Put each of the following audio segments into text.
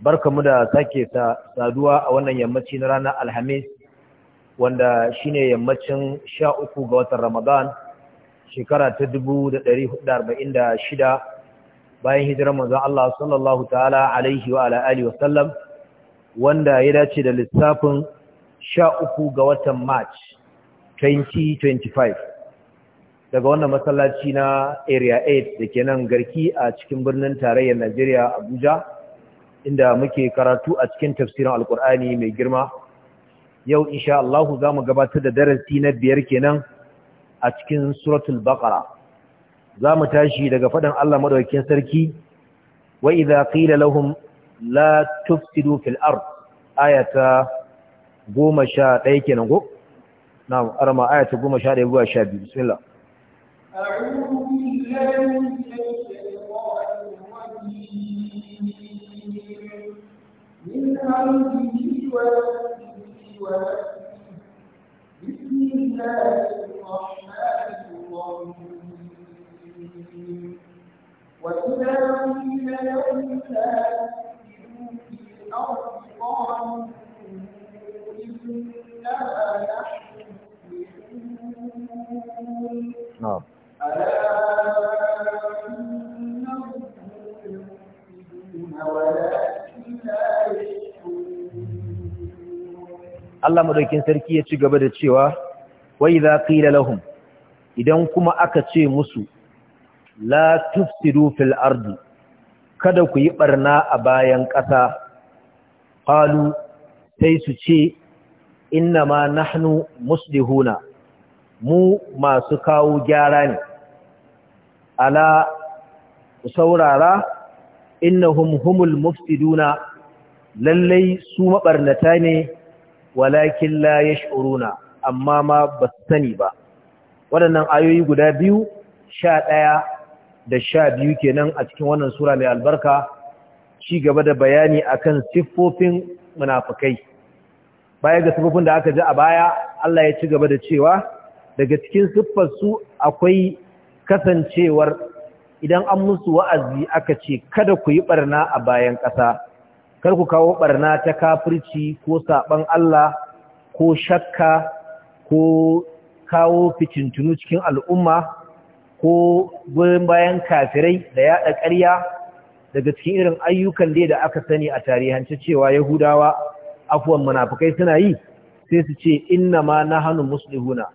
barka mu da sake saduwa a wannan yammaci na ranar alhamis wanda shine yammacin sha uku ga watan ramadan shekara ta dubu da ɗari hudu arba'in da shida bayan hijirar manzon Allah sallallahu ta'ala alaihi wa ala wasallam wanda ya dace da lissafin sha uku ga watan march 2025 daga wannan masallaci na area 8 da ke nan garki a cikin birnin tarayyar najeriya abuja inda muke karatu a cikin tafsirin alkur'ani mai girma yau insha Allah za mu gabatar da darasi na biyar kenan a cikin suratul baqara za mu tashi daga faɗin Allah madaukakin sarki wa idza qila lahum la tufsidu fil ard ayata 11 kenan go na'am arama ayata 11 zuwa 12 bismillah a'udhu billahi من عمده ونفسه ونفسه بسم الله الرحمن الرحيم وإذا قيل لهم لا تفسدوا في الأرض قالوا Allah madaukin sarki ya ci gaba da cewa wa idza qila lahum idan kuma aka ce musu la tufsidu fil ardi kada ku yi ɓarna a bayan ƙasa qalu sai su ce inna ma nahnu muslihuna mu masu kawo gyara ne ala saurara innahum humul mufsiduna lallai su maɓarnata ne walakin la yash'uruna amma ma ba sani ba waɗannan ayoyi guda biyu sha ɗaya da sha biyu kenan a cikin wannan sura mai albarka ci gaba da bayani akan siffofin munafukai baya ga siffofin da aka ji a baya Allah ya ci gaba da cewa daga cikin su akwai kasancewar idan an musu wa'azi aka ce kada ku yi barna a bayan ƙasa kar ku kawo barna ta kafirci ko saban Allah ko shakka ko kawo fitintunu cikin al'umma ko goyon bayan kafirai da yaɗa ƙarya daga cikin irin ayyukan dai da aka sani a tarihance cewa Yahudawa afuwan munafukai suna yi sai su ce inna ma nahnu muslihuna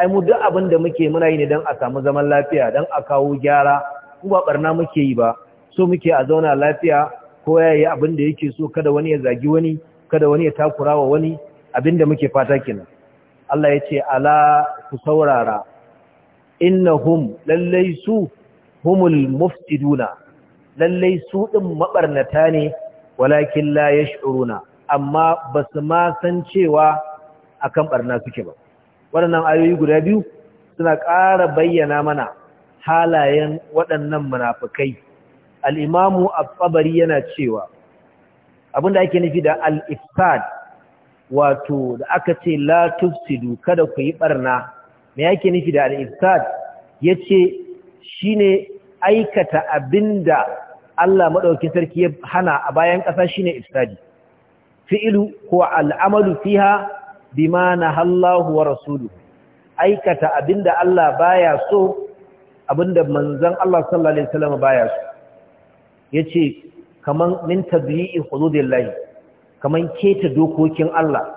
ai mu duk abin da muke muna yi ne don a samu zaman lafiya don a kawo gyara ku ba barna muke yi ba so muke a zauna lafiya kowa ya yi abin da yake so kada wani ya zagi wani kada wani ya takura wa wani abin da muke fata kenan Allah ya ce ala ku saurara innahum lallai su humul muftiduna lallai su din mabarnata ne walakin la yash'uruna amma basu ma san cewa akan barna suke ba waɗannan ayoyi guda biyu suna ƙara bayyana mana halayen waɗannan munafukai al'imamu al-tsabari yana cewa abinda ake nufi da al-ifsad wato da aka ce la tufsidu kada ku yi barna me yake nufi da al-ifsad yace shine aikata abinda Allah madaukakin sarki ya hana a bayan ƙasa shine ifsadi fi'lu ko al'amalu fiha bima nahallahu wa rasuluhu aikata abinda Allah baya so abinda manzon Allah sallallahu alaihi wasallam baya so Ya yace kaman min tabi'i layi kaman keta dokokin Allah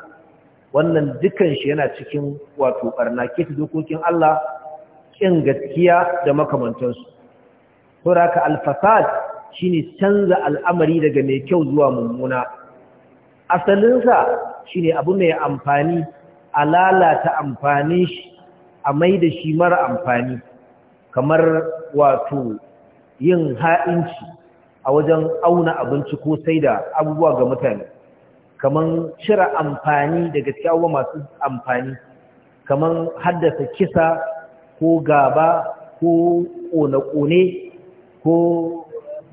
wannan dukanshi yana cikin wato ɓarna, keta dokokin Allah kin gaskiya da makamantansu saboda al-fasad shine canza al'amari daga mai kyau zuwa mummuna asalinsa shine abu mai amfani a lalata amfani shi a mai da shi mara amfani kamar wato yin ha'inci a wajen auna abinci ko sai da abubuwa ga mutane kaman cire amfani daga cikin abubuwa masu amfani kaman haddasa kisa ko gaba ko ƙone-ƙone ko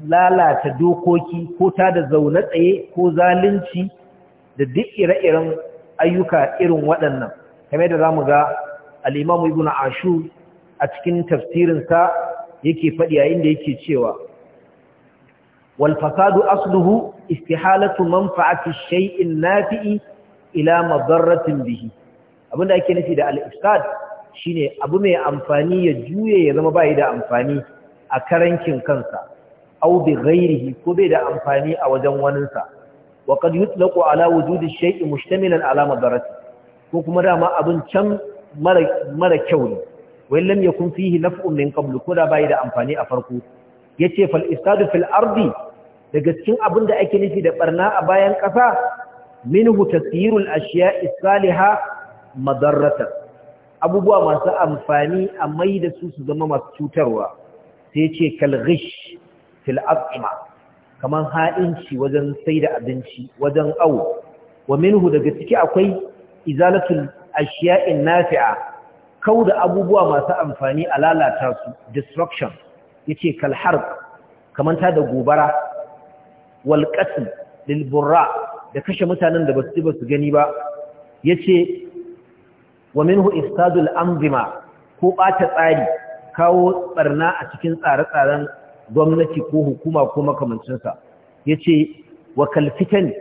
lalata dokoki ko ta da zaune tsaye ko zalunci da duk ire-iren ayyuka irin waɗannan kame da za mu ga al'imamu ibn ashu a cikin tafsirinsa yake faɗi yayin da yake cewa والفساد أصله استحالة منفعة الشيء النافع إلى مضرة به abinda ake nufi da al-ifsad shine abu mai amfani ya juye ya zama bai da amfani a karankin kansa aw bi ghairihi ko bai da amfani a wajen wanin sa wa qad yutlaqu ala wujudi shay'i mushtamilan ala madarati ko kuma dama abin can mara kyau ne wai lam yakun fihi naf'un min qablu ko da bai da amfani a farko yace fal ifsadu fil ardi daga cikin abin da ake nufi da barna a bayan ƙasa minhu tasirul ashiya isaliha madarrata abubuwa masu amfani a mai da su su zama masu cutarwa sai ce kalghish fil asma kaman haɗinci wajen sai da abinci wajen awo wa minhu daga ciki akwai izalatul ashiya'in nafi'a kau da abubuwa masu amfani a lalata su destruction yace kalharb kaman ta da gobara wal qatl lil burra da kashe mutanen da basu ba su gani ba yace wa minhu ifsadul anzima ko ɓata tsari kawo barna a cikin tsare-tsaren gwamnati ko hukuma ko makamancinsa yace wa kalfitan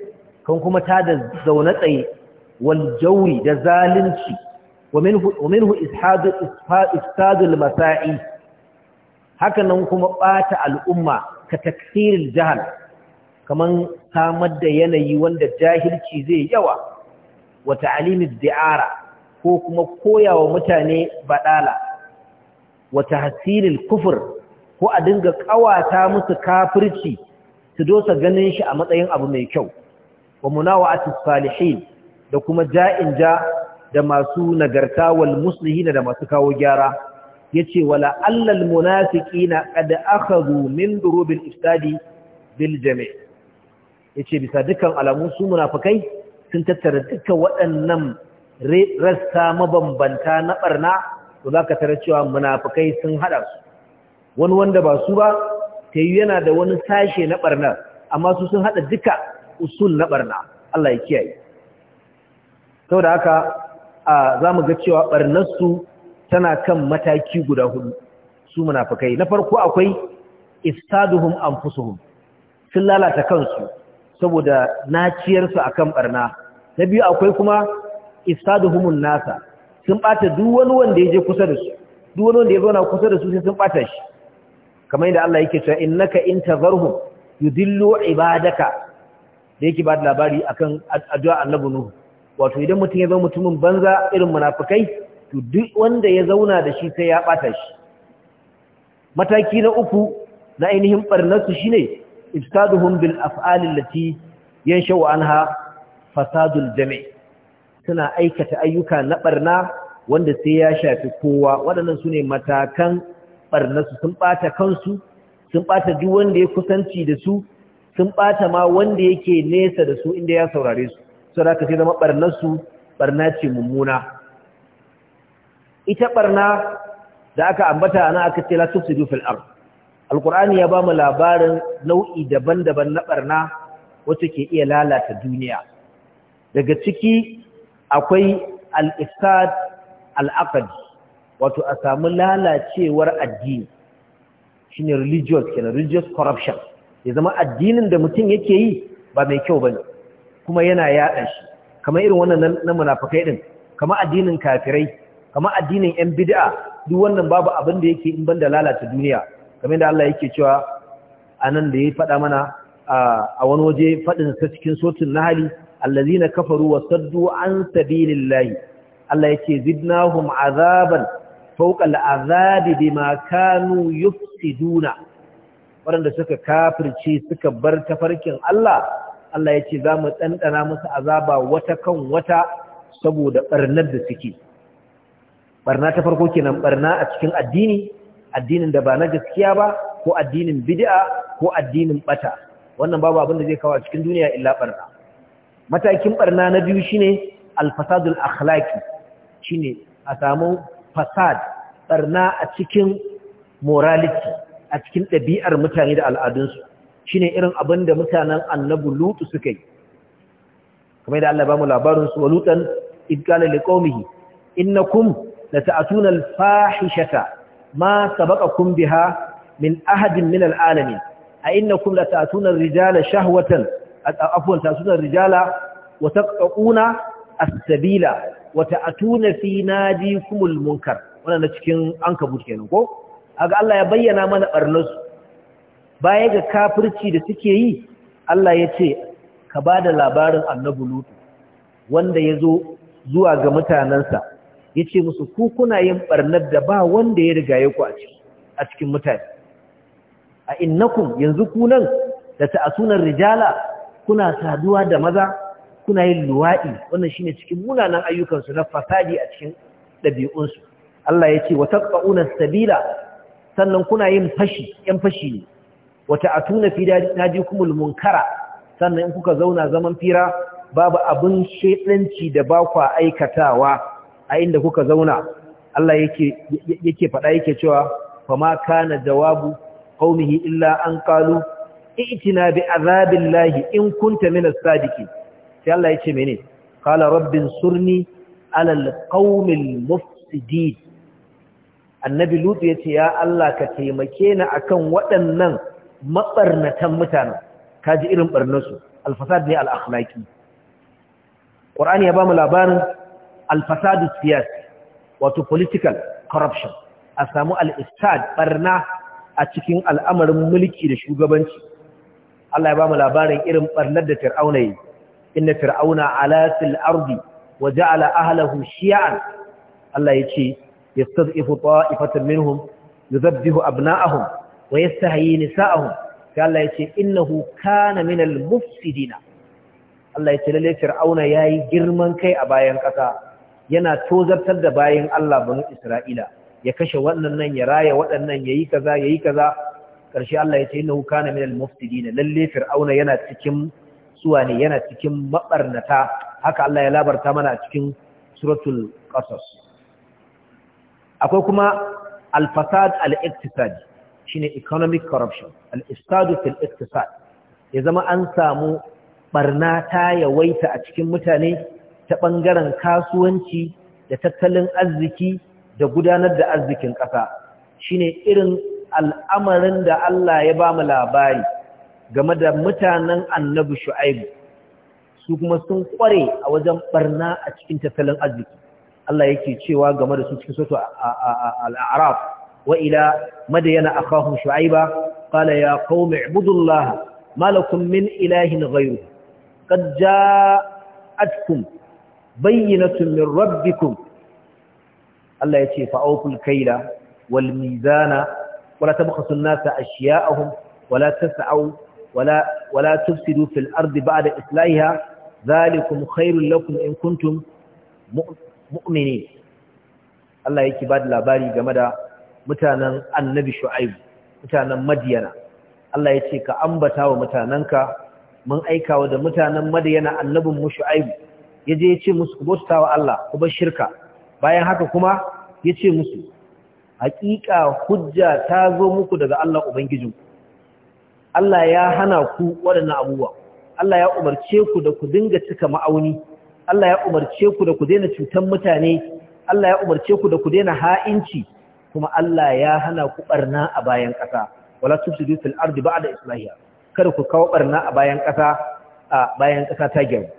kan kuma ta da zaune tsaye wal da zalunci wa minhu wa ishadu masa'i haka nan kuma ɓata al'umma ka taksiril jahal kaman samar da yanayi wanda jahilci zai yawa wa ta'alimin di'ara ko kuma koyawa mutane badala wa tahsilil kufur ko a dinga kawata musu kafirci su dosa ganin shi a matsayin abu mai kyau wa munawatis salihin da kuma ja'in ja da masu nagarta wal da masu kawo gyara yace wala allal munafiqina qad akhadhu min durubil iftadi bil jami' yace bisa dukkan alamu su munafikai sun tattara dukkan waɗannan rassa mabambanta na barna to zaka tara cewa munafikai sun hada su wani wanda ba su ba tayi yana da wani sashe na barna amma su sun hada duka usul na barna Allah ya kiyaye saboda haka a zamu ga cewa su tana kan mataki guda hudu su munafukai na farko akwai istaduhum anfusuhum sun lalata kansu saboda naciyarsu akan barna na biyu akwai kuma istaduhumun nasa sun bata duk wani wanda ya je kusa da su duk wani wanda ya zauna kusa da su sai sun bata shi kamar yadda Allah yake cewa innaka in tazarhum yudillu ibadaka da yake ba da labari akan addu'a annabi nuhu wato idan mutum ya zama mutumin banza irin munafikai to duk wanda ya zauna da shi sai ya bata shi mataki na uku na ainihin barnarsu shine ifsaduhum bil af'al allati yanshau anha fasadul jami' suna aikata ayyuka na barna wanda sai ya shafi kowa waɗannan sune matakan su sun bata kansu sun bata duk wanda ya kusanci da su sun bata ma wanda yake nesa da su inda ya saurare su saboda ka sai zama barnarsu barna ce mummuna ita barna da aka ambata ana aka ce la tufsidu fil ardh alkur'ani ya ba mu labarin nau'i daban-daban na barna wacce ke iya lalata duniya daga ciki akwai al-ifsad al-aqd wato a samu lalacewar addini shine religious kenan religious corruption ya zama addinin da mutum yake yi ba mai kyau bane kuma yana yaɗa shi kamar irin wannan na munafikai din kamar addinin kafirai kamar addinin yan bid'a duk wannan babu abin da yake in banda lalata duniya kamar da Allah yake cewa anan da ya faɗa mana a wani waje faɗin sa cikin hali, nahali allazina kafaru wa saddu an sabilillahi Allah yake zidnahum azaban azabi al'azabi bima kanu yufsiduna waɗanda suka kafirce suka bar tafarkin Allah Allah yace za mu ɗanɗana musu azaba wata kan wata saboda ɓarnar da suke Ɓarna ta farko kenan barna a cikin addini addinin da ba na gaskiya ba ko addinin bid'a ko addinin bata wannan babu abin da zai kawo cikin duniya illa barna matakin barna na biyu shine al-fasadul akhlaqi shine a samu fasad barna a cikin morality a cikin ɗabi'ar mutane da al'adunsu shine irin abin da mutanen annabi lutu suka yi kamar da Allah ba mu labarin su walutan idqala liqaumihi innakum lata'tuna al-fahishata ma ka sabaqakum biha min ahadin min al'alamin a innakum latatuna ar-rijala shahwatan afwan tatuna ar-rijala wa taqtuna as-sabila wa ta'tuna fi nadikum al-munkar wannan na cikin ankabut kenan ko aga Allah ya bayyana mana barnasu baya ga kafirci da suke yi Allah ya ce ka ba da labarin annabi Lut wanda zo zuwa ga mutanansa ya ce musu ku kuna yin ɓarnar da ba wanda ya riga ya ku a cikin mutane a innakum yanzu ku nan da ta'asunan rijala kuna saduwa da maza kuna yin luwa'i wannan shine cikin munanan ayyukansu na fasadi a cikin ɗabi'unsu Allah ya ce wa taqauna sabila sannan kuna yin fashi yan fashi ne wa ta'atuna fi kuma munkara sannan in kuka zauna zaman fira babu abin shedanci da ba kwa aikatawa a inda kuka zauna Allah yake faɗa yake cewa fama kana jawabu qaumihi illa an qalu i'tina bi azabillahi in kunta minas sadiqin sai Allah yace mene qala rabbin surni ala alqaumil mufsidin annabi lutu yace ya Allah ka taimake ni akan waɗannan mabarnatan mutanen kaji irin barnarsu alfasad ne al-akhlaqi Qur'ani ya bamu labarin alfasadu siyasi wato political corruption a samu al'istad barna a cikin al'amarin mulki da shugabanci Allah ya ba mu labarin irin barnar da fir'auna yi inna fir'auna ala fil ardi wa ja'ala ahlahu shi'an Allah ya ce yastad'ifu ta'ifatan minhum yuzabbihu abna'ahum wa yastahyi nisa'ahum sai Allah ya ce innahu kana minal mufsidina Allah ya ce lalle fir'auna yayi girman kai a bayan ƙasa. yana tozartar da bayan Allah banu Isra'ila ya kashe wannan nan ya raya waɗannan yayi kaza yayi kaza Karshe Allah ya ce innahu kana minal mufsidin lalle fir'auna yana cikin suwa ne yana cikin mabarnata haka Allah ya labarta mana a cikin suratul qasas akwai kuma al-fasad al-iqtisadi shine economic corruption al-istadu fil iqtisad ya zama an samu barnata ya yawaita a cikin mutane ta ɓangaren kasuwanci da tattalin arziki da gudanar da arzikin ƙasa shi ne irin al'amarin da Allah ya ba mu labari game da mutanen annabi shu'aibu su kuma sun ƙware a wajen ɓarna a cikin tattalin arziki Allah yake cewa game da su cikin soto al'araf wa ila madayana kawo shu'aiba ƙala ya qaumi ibudullaha malakun min ilahin ghayru qad ja'atkum bayyinatun min rabbikum Allah ya ce fa'aukul kaila wal mizana wala tabkhasu an-nasa ashya'ahum wala tas'au wala wala tufsidu fil ardi ba'da islahiha zalikum khairul lakum in kuntum mu'minin Allah yake ba da labari game da mutanen annabi shu'aib mutanen madiyana Allah ya ce ka ambata wa mutanenka mun aikawa da mutanen madiyana annabin mu shu'aib ya je ya ce musu ku bauta wa Allah ku bar shirka bayan haka kuma ya ce musu haƙiƙa hujja ta zo muku daga Allah Ubangijin Allah ya hana ku waɗannan abubuwa Allah ya umarce ku da ku dinga cika ma'auni Allah ya umarce ku da ku daina cutan mutane Allah ya umarce ku da ku daina ha'inci kuma Allah ya hana ku barna a bayan ƙasa wala tufsidu fil ardi ba'da islahiya kada ku kawo barna a bayan ƙasa a bayan ƙasa ta gyaru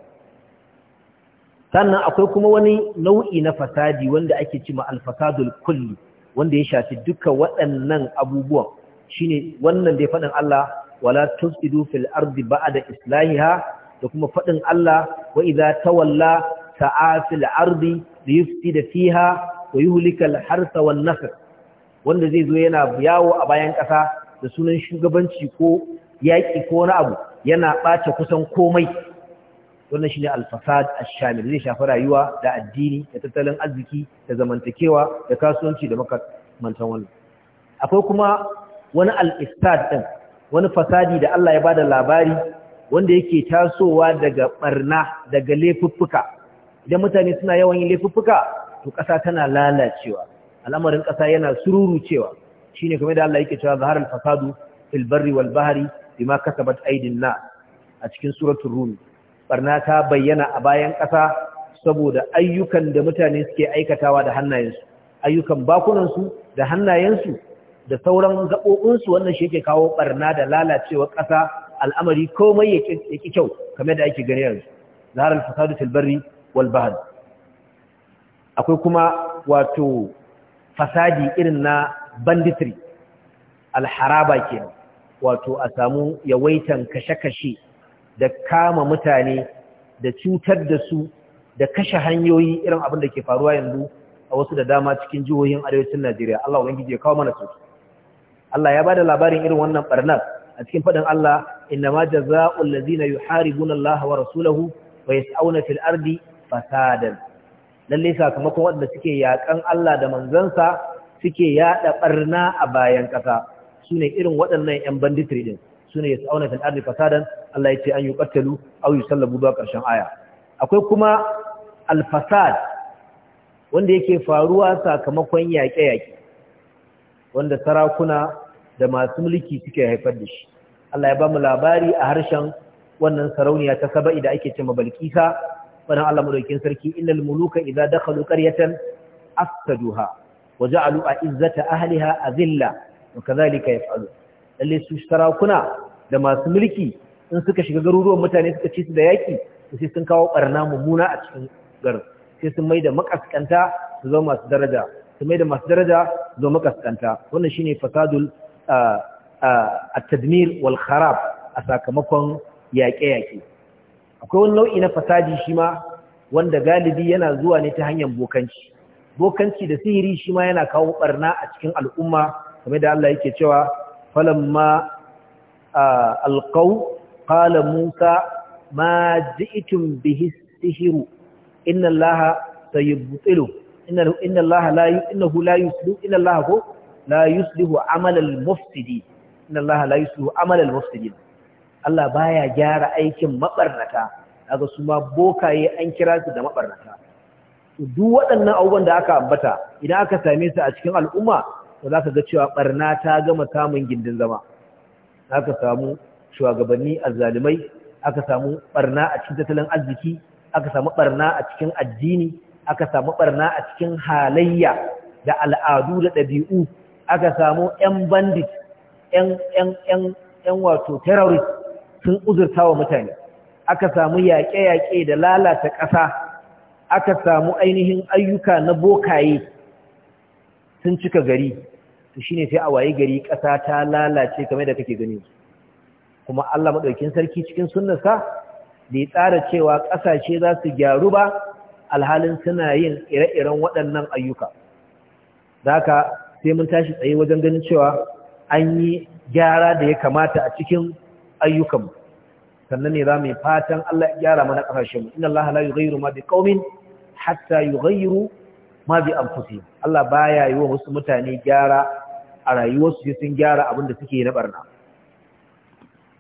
sannan akwai kuma wani nau'i na fasadi wanda ake cima alfasadul kulli wanda ya shafi duka waɗannan abubuwan shine wannan dai faɗin Allah wala tusidu fil ardi ba'da islahiha da kuma faɗin Allah wa idza tawalla sa'a ardi liyufsida fiha wa yuhlika al harsa wan nasr wanda zai zo yana yawo a bayan ƙasa da sunan shugabanci ko yaƙi ko na abu yana ɓace kusan komai wannan shine al-fasad ash-shamil zai shafi rayuwa da addini da tattalin arziki da zamantakewa da kasuwanci da makamantan wannan akwai kuma wani al-istad din wani fasadi da Allah ya bada labari wanda yake tasowa daga barna daga laifuffuka idan mutane suna yawan yin laifuffuka to ƙasa tana lalacewa al'amarin ƙasa yana sururucewa shine kuma da Allah yake cewa zaharal fasadu fil barri wal bahri bima kasabat aydin a cikin suratul rumi. barna ta bayyana a bayan ƙasa saboda ayyukan da mutane suke aikatawa da hannayensu ayyukan bakunansu da hannayensu da sauran gaɓoɓinsu wannan shi yake kawo ɓarna da lalacewa ƙasa al'amari komai ya ƙi kyau kamar da ake gani yanzu al fasadu tilbari wal bahad akwai kuma wato fasadi irin na banditry alharaba kenan wato a samu yawaitan kashe-kashe da kama mutane da cutar da su da kashe hanyoyi irin abin da ke faruwa yanzu a wasu da dama cikin jihohin arewacin Najeriya Allah ubangiji ya kawo mana su Allah ya bada labarin irin wannan barnar a cikin fadin Allah inna ma jazaa'u ladzina yuharibuna Allah wa rasulahu wa yas'una fil ardi fasadan lalle sakamakon wanda suke yakan Allah da manzansa suke yada barna a bayan kasa sune irin waɗannan 'yan banditri din sune yas'auna fil ardi fasadan Allah yace an yuqtalu aw yusallabu ba karshen aya akwai kuma al fasad wanda yake faruwa sakamakon yaƙe-yaƙe wanda sarakuna da masu mulki suke haifar da shi Allah ya ba mu labari a harshen wannan sarauniya ta saba'i da ake cewa balkisa wannan Allah madaukakin sarki innal muluka idza dakhalu qaryatan afsaduha wa a a'izzata ahliha azilla wa kadhalika yaf'alun lalle su sarakuna da masu mulki in suka shiga garuruwan mutane suka ci su da yaki to sai sun kawo barna mummuna a cikin garin sai sun mai da makaskanta su zo masu daraja su mai da masu daraja su zo makaskanta wannan shine fasadul a tadmir wal kharab a sakamakon yaƙe-yaƙe akwai wani nau'i na fasadi shi ma wanda galibi yana zuwa ne ta hanyar bokanci bokanci da sihiri shi ma yana kawo ɓarna a cikin al'umma kamar da Allah yake cewa falamma alqaw qala musa ma ji'tum bihi sihru inna allaha sayubtilu inna inna allaha la innahu la inna allaha la yuslihu amal al mufsidi inna allaha la yuslihu amal al Allah baya gyara aikin mabarnata kaga su ma bokaye an kira su da mabarnata duk waɗannan abubuwan da aka ambata idan aka same su a cikin al'umma to za ka ga cewa barna ta gama samun gindin zama aka samu shugabanni azzalumai aka samu barna a cikin tattalin arziki aka samu barna a cikin addini aka samu barna a cikin halayya da al'adu da ɗabi'u aka samu 'yan bandit 'yan wato terrorist sun uzurta wa mutane aka samu yaƙe-yaƙe da lalata ƙasa aka samu ainihin ayyuka na bokaye sun cika gari to shine sai a waye gari ƙasa ta lalace kamar da kake gani kuma Allah madaukakin sarki cikin sunnarsa da ya tsara cewa ƙasashe za su gyaru ba alhalin suna yin ire-iren waɗannan ayyuka zaka sai mun tashi tsaye wajen ganin cewa an yi gyara da ya kamata a cikin ayyukanmu sannan ne za mu yi fatan Allah ya gyara mana mu. inna Allah la yughayyiru ma biqaumin hatta yughayyiru ma bi anfusihim Allah baya yi wa wasu mutane gyara a rayuwarsu su sun gyara abin da suke na barna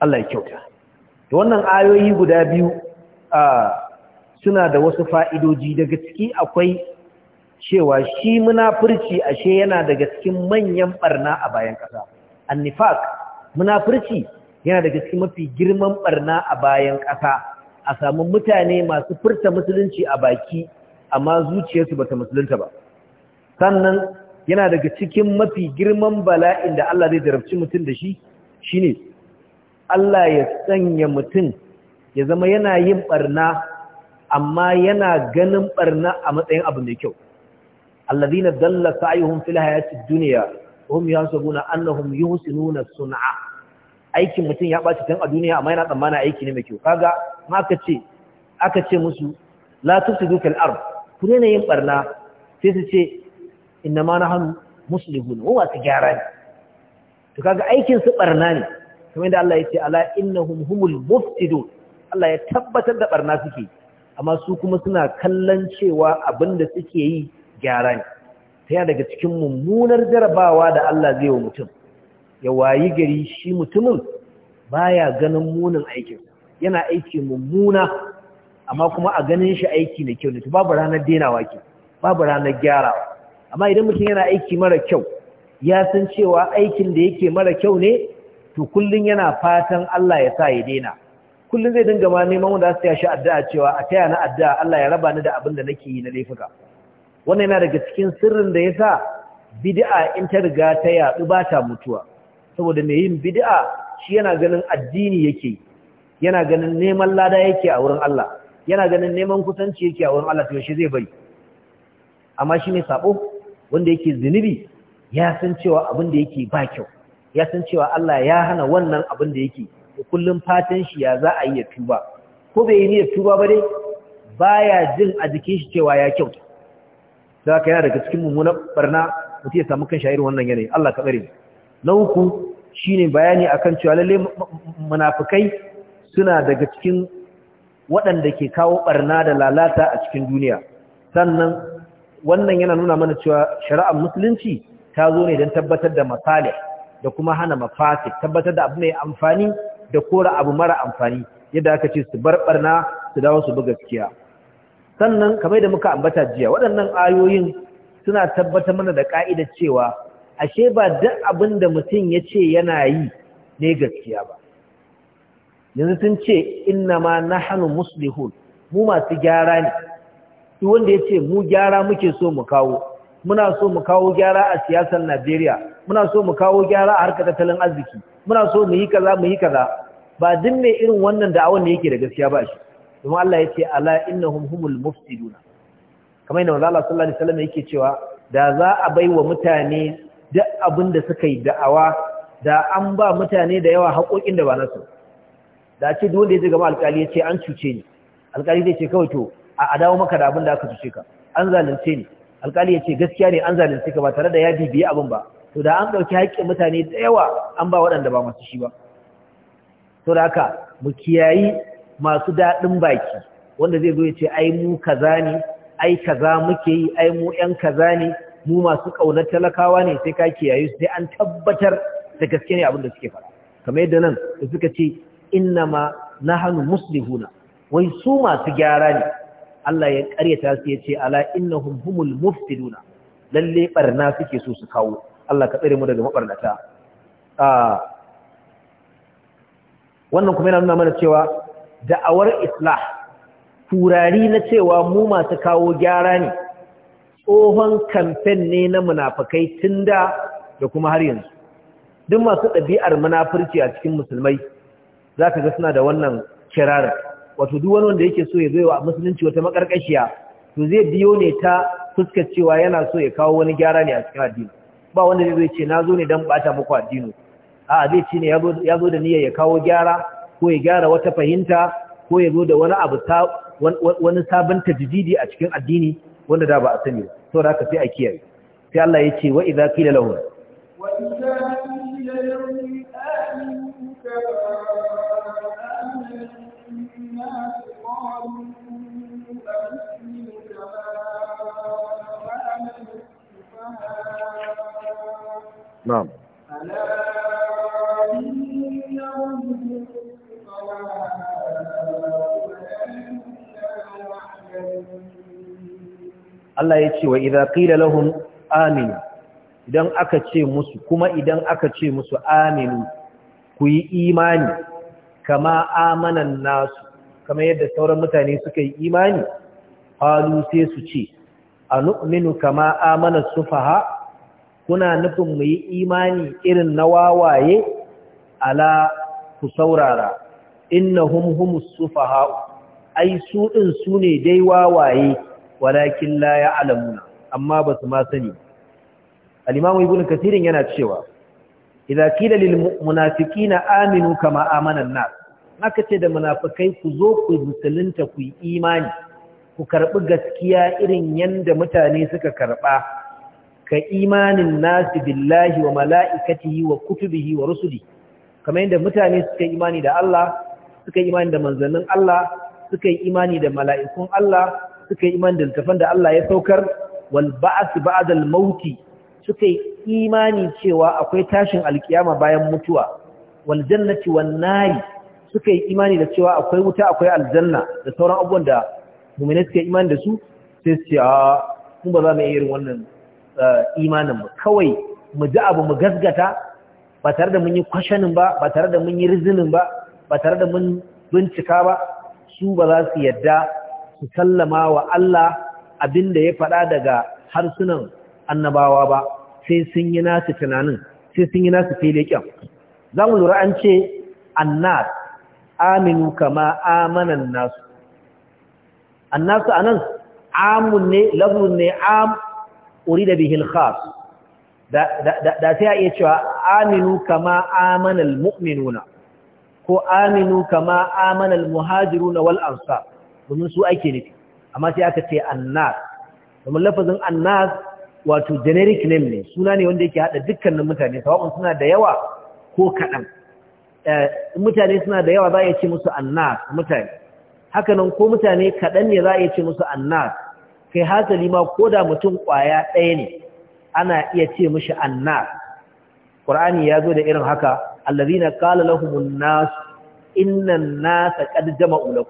Allah ya kyauta to wannan ayoyi guda biyu suna da wasu fa'idoji daga ciki akwai cewa shi munafurci ashe yana daga cikin manyan barna a bayan ƙasa annifaq munafurci yana daga cikin mafi girman barna a bayan ƙasa a samu mutane masu furta musulunci a baki amma zuciyarsu bata musulunta ba sannan yana daga cikin mafi girman bala'in da Allah zai jarabci mutum da shi shine Allah ya sanya mutum ya zama yana yin barna amma yana ganin barna a matsayin abu mai kyau alladhina dalla sa'yuhum fil hayatid dunya hum yi annahum yuhsinuna sun'a aikin mutum ya ɓaci tun a duniya amma yana tsammana aiki ne mai kyau kaga ma aka ce musu la tufsidu fil ard ku daina yin barna sai su ce inna ma nahnu ne, wa wasu gyara ne to kaga aikin su barna ne kamar yadda Allah ya ce ala innahum humul muftidu Allah ya tabbatar da ɓarna suke amma su kuma suna kallon cewa abin da suke yi gyara ne ta yana daga cikin mummunar jarabawa da Allah zai wa mutum ya wayi gari shi mutumin baya ganin munin aikin yana aiki mummuna amma kuma a ganin shi aiki da kyau ne to babu ranar denawa ke babu ranar gyarawa amma idan mutum yana aiki mara kyau ya san cewa aikin da yake mara kyau ne to kullun yana fatan Allah ya sa ya dena kullun zai dinga ma neman wanda su shi addu'a cewa a taya na addu'a Allah ya raba ni da abin da nake yi na laifuka wannan yana daga cikin sirrin da yasa bid'a in ta riga ta yadu ba ta mutuwa saboda mai yin bid'a shi yana ganin addini yake yana ganin neman lada yake a wurin Allah yana ganin neman kusanci yake a wurin Allah to yaushe zai bari amma shine sabo wanda yake zinubi ya san cewa abin da yake ba kyau ya san cewa Allah ya hana wannan abin da yake kullum fatan shi ya za a yi ya tuba ko bai yi ya tuba ba dai baya jin a jikin shi cewa ya kyau da ka yana daga cikin mummunan barna mutum ya samu kan sha'irin wannan yanayi Allah ka tsare na uku shine bayani akan cewa lalle munafikai suna daga cikin waɗanda ke kawo ɓarna da lalata a cikin duniya sannan wannan yana nuna mana cewa shari'ar musulunci ta zo ne don tabbatar da masalih da kuma hana mafasik tabbatar da abu mai amfani da kora abu mara amfani yadda aka ce su bar barna su dawo su bi gaskiya sannan kamar da muka ambata jiya waɗannan ayoyin suna tabbatar mana da ka'ida cewa ashe ba duk abin da mutum ya ce yana yi ne gaskiya ba yanzu sun ce inna ma na hannun musulihun, mu masu gyara ne su wanda ce mu gyara muke so mu kawo muna so mu kawo gyara a siyasar Najeriya muna so mu kawo gyara a harkar tattalin arziki muna so mu yi kaza mu yi kaza ba duk mai irin wannan awon ne yake da gaskiya ba shi kuma Allah ya ce ala innahum humul mufsiduna kamar yadda Allah sallallahu alaihi wasallam yake cewa da za a baiwa mutane duk abin da suka yi da'awa da an ba mutane da yawa haƙoƙin da ba nasu da ce duk wanda ya je gama alƙali ya ce an cuce ni alƙali zai ce kawai to a dawo maka da abin da aka cuce ka an zalunce ni alƙali ya ce gaskiya ne an zalunce ka ba tare da ya bibiye abin ba to da an ɗauki haƙƙin mutane da yawa an ba waɗanda ba masu shi ba to da haka mu kiyayi masu daɗin baki wanda zai zo ya ce ai mu kaza ne ai kaza muke yi ai mu ƴan kaza ne mu masu ƙaunar talakawa ne sai ka kiyaye su sai an tabbatar da gaske ne abin da suke faɗa kamar yadda nan da suka ce innama nahnu muslihuna wai su masu gyara ne Allah ya karyata su yace ala innahum humul mufsiduna lalle barna suke so su kawo Allah ka tsare mu daga mabarnata ah wannan kuma yana nuna mana cewa da'awar islah turari na cewa mu masu kawo gyara ne tsohon kamfen ne na munafakai tunda da kuma har yanzu duk masu ɗabi'ar munafurci a cikin musulmai za ka ga suna da wannan kirarin wato duk wani wanda yake so ya wa musulunci wata makarkashiya to zai biyo ne ta fuskar cewa yana so ya kawo wani gyara ne a cikin addini ba wanda zai ce na zo ne don bata muku addini A'a zai ce ne ya zo da niyyar ya kawo gyara ko ya gyara wata fahimta ko ya zo da wani abu wani sabon tajdidi a cikin addini wanda da ba a sani ba saboda haka sai a kiyaye sai Allah ya ce wa idza qila lahum wa idza qila نعم Allah ya ce wa idza qila lahum aminu idan aka ce musu kuma idan aka ce musu aminu ku yi imani kama amanan nasu kama yadda sauran mutane suka yi imani halu sai su ce a nu'minu kama amanan sufaha kuna nufin mu yi imani irin na wawaye ala ku saurara innahum humus sufaha ai su din su ne dai wawaye walakin la ya'lamuna amma ba su ma sani al-imamu ibnu kathirin yana cewa idza qila lil munafiqina aminu kama amana an-nas naka ce da munafikai ku zo ku musulunta ku yi imani ku karbi gaskiya irin yanda mutane suka karba ka imanin nasi billahi wa mala'ikatihi wa kutubihi wa rusuli kamar yadda mutane suka yi imani da Allah suka yi imani da manzannin Allah suka yi imani da mala'ikun Allah suka yi imani da littafan da Allah ya saukar wal ba'as ba'dal mauti suka yi imani cewa akwai tashin alkiyama bayan mutuwa wal jannati wan nari suka yi imani da cewa wuta akwai aljanna da sauran abubuwan da mu'mini suka yi imani da su sai ba za mu iya irin wannan Eh, imanin mu kawai mu ji abu mu gasgata ba tare da mun yi kwashanin ba ba tare da mun yi rizinin ba ba tare da mun bincika ba su ba za su yadda su sallama wa Allah abinda ya faɗa daga harsunan annabawa ba sai sun yi nasu tunanin sai sun yi nasu kyan za mu lura an ce annas aminu kama amanan nasu annasu anan amun ne lafzun ne am urida bihi al-khas da sai a iya cewa aminu kama Amanal al-mu'minuna ko aminu kama Amanal al-muhajiruna wal ansar domin su ake nufi amma sai aka ce annas domin lafazin annas wato generic name ne suna ne wanda yake hada dukkanin mutane sawa'un suna da yawa ko kaɗan eh, mutane suna da yawa za a yi ce musu annas mutane hakanan ko mutane kaɗan ne za a yi ce musu annas kai hasali ma ko da mutum ƙwaya ɗaya ne ana iya ce mishi annas ƙur'ani ya zo da irin haka allazina qala lahumun nas innan nas qad jama'u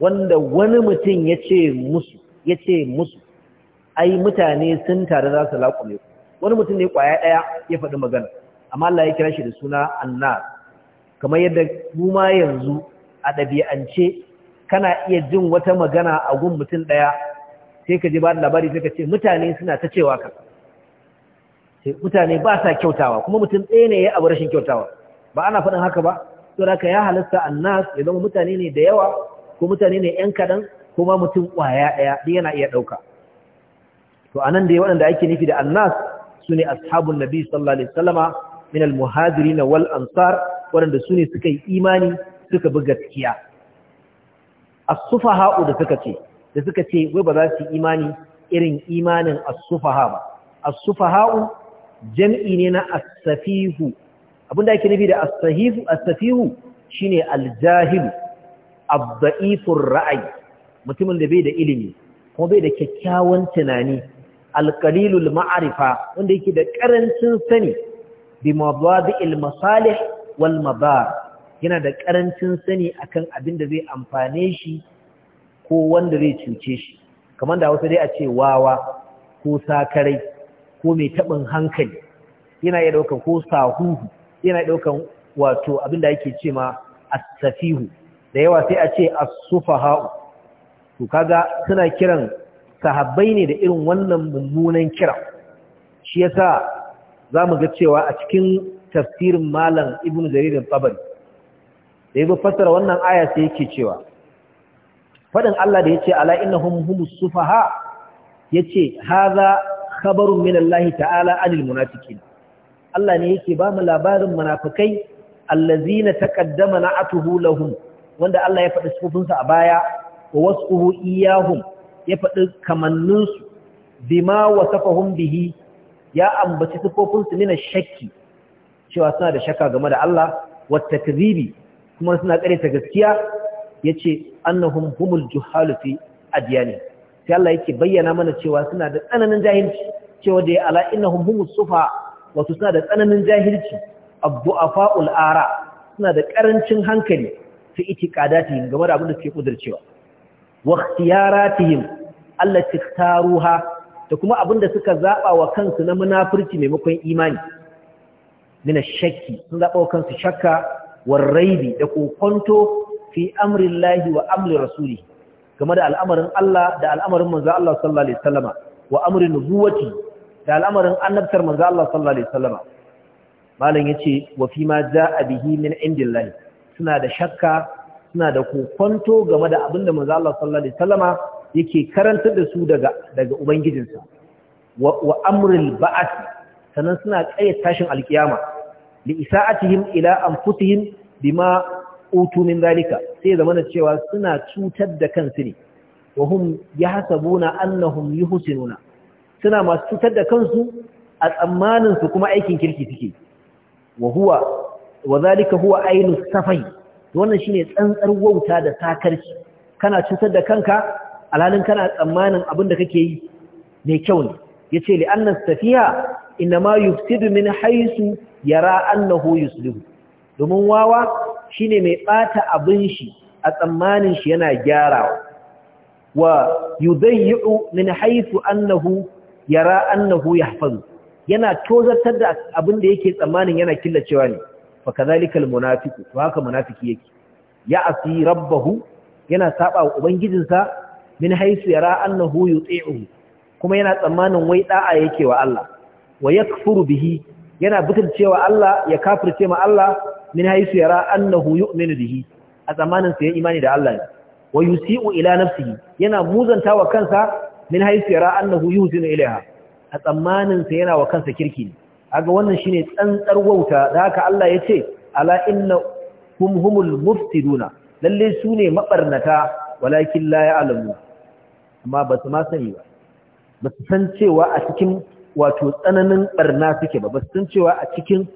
wanda wani mutum yace musu yace musu ai mutane sun tare za su laƙume ku wani mutum ne ƙwaya ɗaya ya faɗi magana amma Allah ya kira shi da suna annas kamar yadda kuma yanzu a ɗabi'ance kana iya jin wata magana a gun mutum ɗaya sai ka je ba da labari sai ka ce mutane suna ta cewa ka Sai mutane ba sa kyautawa kuma mutum ɗaya ne ya abu rashin kyautawa ba ana faɗin haka ba saboda haka ya halasta annas ya zama mutane ne da yawa ko mutane ne ƴan kaɗan kuma mutum ƙwaya ɗaya duk yana iya ɗauka to anan dai waɗanda ake nufi da annas su ne ashabun nabi sallallahu alaihi wasallama min na wal ansar waɗanda su ne suka yi imani suka bi gaskiya as-sufaha'u da suka ce da suka ce wai ba za su imani irin imanin as-sufaha ba as-sufaha'u jam'i ne na as-safihu abinda ake nufi da as-sahihu as-safihu shine al-jahil ad-da'ifur mutumin da bai da ilimi kuma bai da kyakkyawan tunani al-qalilul ma'rifa wanda yake da karancin sani bi mawadi'il masalih wal mabar yana da karancin sani akan abin da zai amfane shi ko wanda zai cuce shi kamar da wasu dai a ce wawa ko sakarai ko mai taɓin hankali yana iya ɗaukan ko sahuhu yana iya ɗaukan wato abinda yake ce ma as-safihu da yawa sai a ce as-sufaha'u to kaga suna kiran sahabbai ne da irin wannan mummunan kira shi yasa zamu ga cewa a cikin tafsirin malam ibnu Jaririn al-tabari da yayin fassara wannan aya sai yake cewa faɗin Allah da ya ce ala innahum humus sufaha ya ce haza khabarun min Allah ta'ala anil munafiqin Allah ne yake ba mu labarin munafikai allazina taqaddama na'atuhu lahum wanda Allah ya faɗi sufufinsa a baya wa wasquhu iyahum ya faɗi kamanninsu bima wasafahum bihi ya ambaci sufofinsu mina shakki cewa suna da shakka game da Allah wa takzibi kuma suna ta gaskiya ce annahun humul juhalu a adyani sai Allah yake bayyana mana cewa suna da tsananin jahilci cewa da ala innahum humul sufa wato suna da tsananin jahilci Fa'u'l ara suna da karancin hankali fi itiqadatihim game da abin da suke kudurcewa wa Allah allati taruha da kuma abin da suka zaɓa wa kansu na munafurci maimakon imani min shakki sun zaba wa kansu shakka Warraibi raibi da kokonto fi amrillahi wa amri rasuli game da al'amarin Allah da al'amarin manzo Allah sallallahu alaihi wasallama wa amri nubuwati da al'amarin annabtar manzo Allah sallallahu alaihi wasallama malam yace wa fi ma jaa bihi min indillahi suna da shakka suna da kokonto game da abinda manzo Allah sallallahu alaihi wasallama yake karantar da su daga daga ubangijinsa wa amril ba'ath sannan suna kai tashin alkiyama li isa'atihim ila anfusihim bima utu min zalika sai zamana cewa suna cutar da kansu ne wa hum yahsabuna annahum yuhsinuna suna masu cutar da kansu a tsammanin su kuma aikin kirki suke wa wa zalika huwa ainu safai wannan shine tsantsar wauta da sakarci kana cutar da kanka alhalin kana tsammanin abin da kake yi mai kyau ne yace li anna safiha inma yufsidu min haythu yara annahu yuslihu domin wawa shine mai ɓata abin shi a tsammanin shi yana gyarawa wa yudayyu min haythu annahu yara annahu hafazu? yana tozartar da abin da yake tsammanin yana killacewa ne fa kadhalikal munafiqu to haka munafiki yake ya asi rabbahu yana saba wa ubangijinsa min haythu yara annahu yuti'uhu kuma yana tsammanin wai da'a yake wa Allah wa yakfuru bihi yana butulcewa Allah ya kafirce ma Allah min haisu yara annahu yu'minu bihi a tsamanin sa ya imani da Allah ne wa yusi'u ila nafsihi yana muzanta wa kansa min haisu yara annahu yuhsinu ilaiha a tsamanin sa yana wa kansa kirki ne aga wannan shine tsantsar wauta da haka Allah ya ce ala inna hum humul muftiduna lalle su ne mabarnata walakin la ya'lamu amma ba su ma sani ba ba su san cewa a cikin wato tsananin barna suke ba ba su san cewa a cikin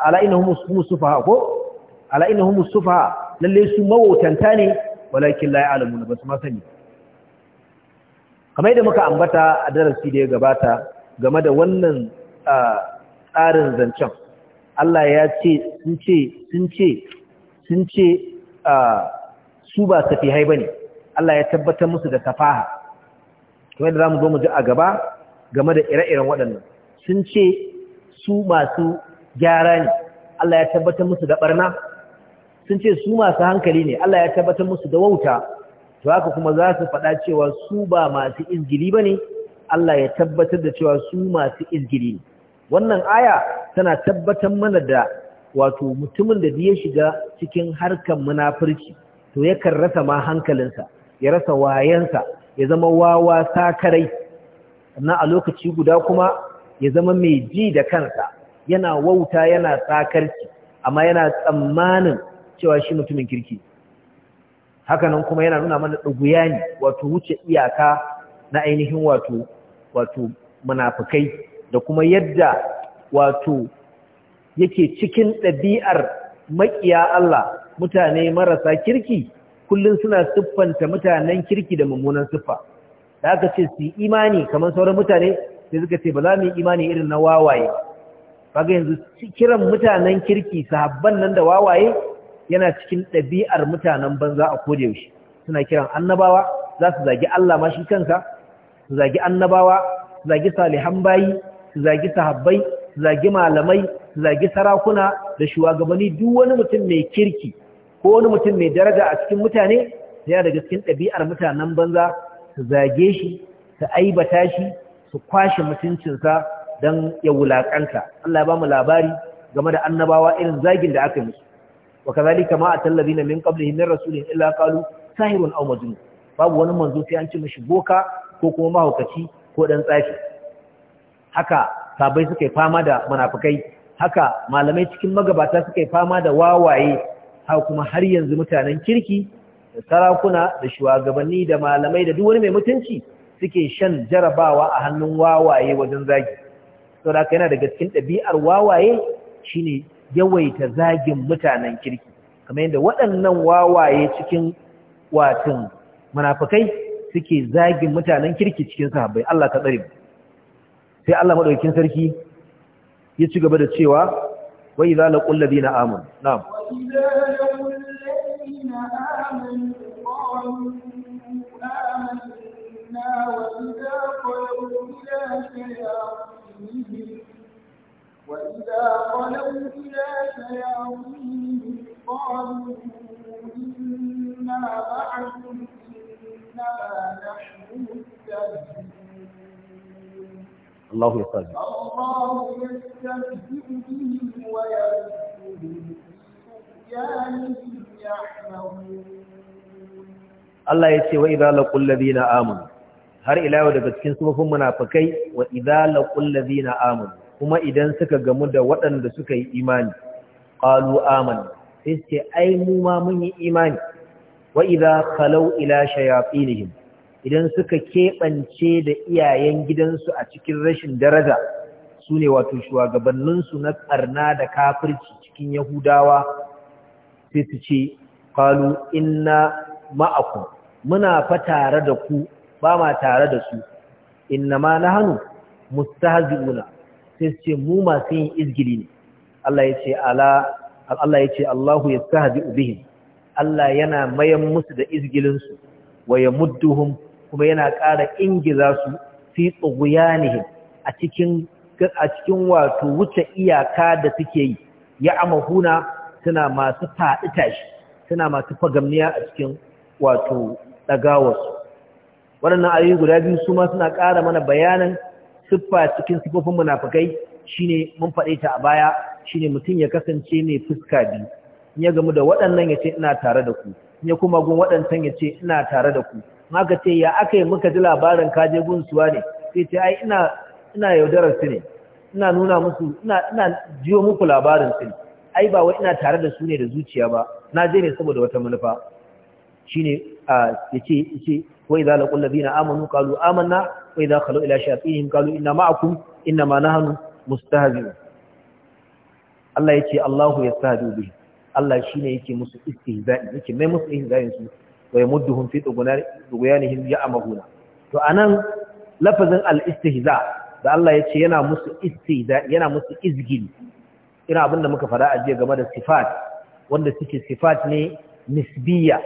ala innahum musufaha ko ala innahum sufa lalle su mawautanta ne walakin la ya'lamu ba su ma sani kamar da muka ambata a darasi da ya gabata game da wannan tsarin zancen Allah ya ce sun ce sun ce sun ce su ba safihai bane Allah ya tabbatar musu da safaha kamar za zamu zo mu ji a gaba game da ire-iren waɗannan sun ce su masu gyara ne Allah ya tabbatar musu da barna sun ce su masu hankali ne Allah ya tabbatar musu da wauta to haka kuma za su faɗa cewa su ba masu izgili ba ne Allah ya tabbatar da cewa su masu izgili ne wannan aya tana tabbatar mana da wato mutumin da ya shiga cikin harkar munafurci to yakan rasa ma hankalinsa ya rasa wayansa ya zama wawa sakarai sannan a lokaci guda kuma ya zama mai ji da kansa yana wauta yana tsakarki amma yana tsammanin cewa shi mutumin kirki hakanan kuma yana nuna mana ɗuguya wato wuce iyaka na ainihin wato wato munafukai da kuma yadda wato yake cikin ɗabi'ar makiya Allah mutane marasa kirki kullum suna siffanta mutanen kirki da mummunan siffa da aka ce su imani kamar sauran mutane sai suka ce ba za mu yi imani irin na wawaye ba kaga yanzu kiran mutanen kirki sahabban nan da wawaye yana cikin ɗabi'ar mutanen banza a koda yaushe suna kiran annabawa za su zagi Allah ma shi kansa su zagi annabawa su zagi salihan bayi su zagi sahabbai su zagi malamai su zagi sarakuna da shugabanni duk wani mutum mai kirki ko wani mutum mai daraja a cikin mutane yana daga cikin ɗabi'ar mutanen banza su zage shi su aibata shi su kwashe mutuncinsa Dan ya wulaƙanta Allah ya ba mu labari game da annabawa irin zagin da aka musu wa kazalika ma na min qablihi min rasulin illa qalu sahirun aw majnun babu wani manzo sai an ci mishi boka ko kuma mahaukaci ko dan tsafi haka sabai suka yi fama da munafikai haka malamai cikin magabata suka yi fama da wawaye ha kuma har yanzu mutanen kirki da sarakuna da shugabanni da malamai da duk wani mai mutunci suke shan jarabawa a hannun wawaye wajen zagi sau da yana da cikin ɗabi'ar wawaye shi shine yawaita zagin mutanen kirki kamar yadda waɗannan wawaye cikin watan munafukai suke zagin mutanen kirki cikin sahabbai Allah ka tsari sai Allah maɗaukin sarki ya ci gaba da cewa wai za wa idza na ladina Na na'am وإذا قلوا إلى شياطين فيهم وإذا خلوا إلى شياطينهم قالوا إنا بعد إنما نحن مستهزئون الله يستهزئ الله يستهزئ بهم ويمسهم في طغيانهم يعمهون الله يتي وإذا لقوا الذين آمنوا har ila yau daga cikin sufufin munafikai wa idza laqul ladina amanu kuma idan suka gamu da waɗanda suka yi imani qalu amanu sai ce ai mu ma mun yi imani wa idza khalau ila shayatinihim idan suka keɓance da iyayen gidansu a cikin rashin daraja su ne wato shugabanninsu na ƙarna da kafirci cikin yahudawa sai su ce kalu inna ma'akum muna fa tare da ku ba ma tare da su innama nahnu mustahzi'una sai su ce mu masu yin izgili ne Allah ya ce ala Allah ya ce Allahu yastahzi'u bihim Allah yana mayan musu da izgilin su wa yamudduhum kuma yana ƙara ingiza su fi tsuguyanihim a cikin a cikin wato wuce iyaka da suke yi ya amahuna suna masu faɗi tashi suna masu fagamniya a cikin wato ɗagawarsu waɗannan ayoyi guda biyu su ma suna ƙara mana bayanan siffa cikin siffofin munafukai shine mun faɗe ta a baya shine mutum ya kasance mai fuska biyu in ya gamu da waɗannan ya ce ina tare da ku in ya kuma gun waɗancan ya ce ina tare da ku in aka ce ya aka yi muka ji labarin je gun suwa ne sai ce ai ina ina yaudarar su ne ina nuna musu ina ina jiyo muku labarin su ne ai ba wai ina tare da su ne da zuciya ba na je ne saboda wata manufa shine yace yace wa idza laqul ladina amanu qalu amanna wa idza khalu ila shayatinihim qalu inna ma'akum inna ma nahnu mustahzi'un Allah yace Allahu yastahzi bihi Allah shine yake musu istihza'i yake mai musu istihza'in su wa yamudduhum fi tughyanihim ya'mahuna to anan lafazin al-istihza da Allah yace yana musu istihza yana musu izgil ina abinda muka fara a jiya game da sifat wanda suke sifat ne nisbiya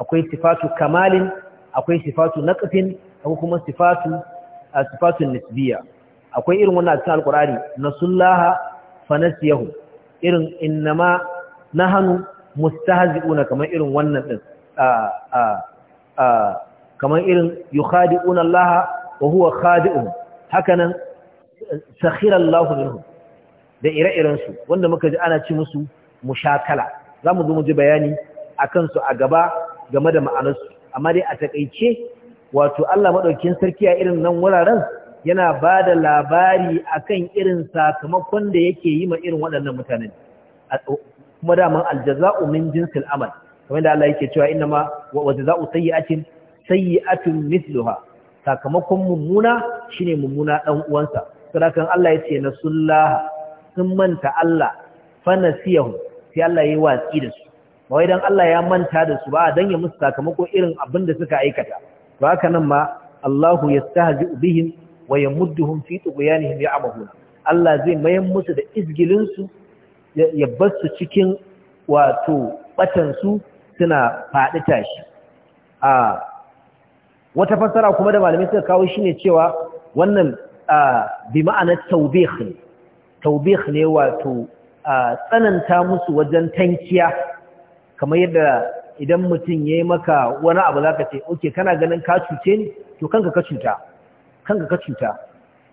akwai sifatu kamalin akwai sifatu naqfin akwai kuma sifatu sifatu nisbiya akwai irin wannan cikin alqur'ani nasullaha fanasiyahu irin innama nahanu mustahzi'una kamar irin wannan din kamar irin yukhadi'una allaha wa huwa hakanan sakhira allahu minhum da ire-iren su wanda muka ji ana ci musu mushakala zamu zo mu ji bayani akan su a gaba game da ma'anarsu amma dai a takaice wato Allah maɗaukin sarki a irin nan wuraren yana ba da labari akan irin sakamakon da yake yi ma irin waɗannan mutanen kuma daman aljaza'u min jinsil amal kamar da Allah yake cewa inna ma wa jaza'u sayyi'atin atin misluha, sakamakon mummuna shine mummuna dan uwansa sadakan Allah ce na sullaha sun manta Allah fa nasiyahu sai Allah yayi watsi da su ba wai dan Allah ya manta da su ba dan ya musu sakamako irin abin da suka aikata to haka nan ma Allahu yastahzi'u bihim wa yamudduhum fi tughyanihim ya'mahun Allah zai mayan musu da izgilin su ya bar cikin wato batan su suna faɗi tashi a wata fassara kuma da malamai suka kawo shine cewa wannan bi ma'anar taubih ne taubih ne wato tsananta musu wajen tankiya kamar yadda idan mutum ya yi maka wani abu za ka ce oke kana ganin ka cuce ni to kanka ka cuta kanka ka cuta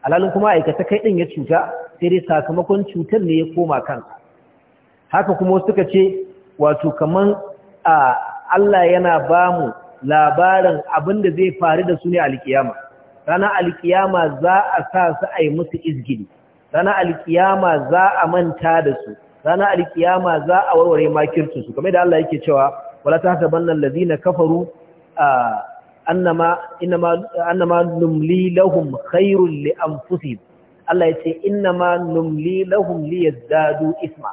alalin kuma aikata kai ɗin ya cuta sai dai sakamakon cutar ne ya koma kanka haka kuma wasu suka ce wato kaman a Allah yana ba mu labarin abin da zai faru da su ne alkiyama rana alkiyama za a sa su a yi musu izgili rana alkiyama za a manta da su rana alkiyama za a warware makircin su kamar da Allah yake cewa wala tahsabanna allazina kafaru annama inma annama numli lahum khairul li anfusihim Allah yace innama numli lahum liyazdadu isma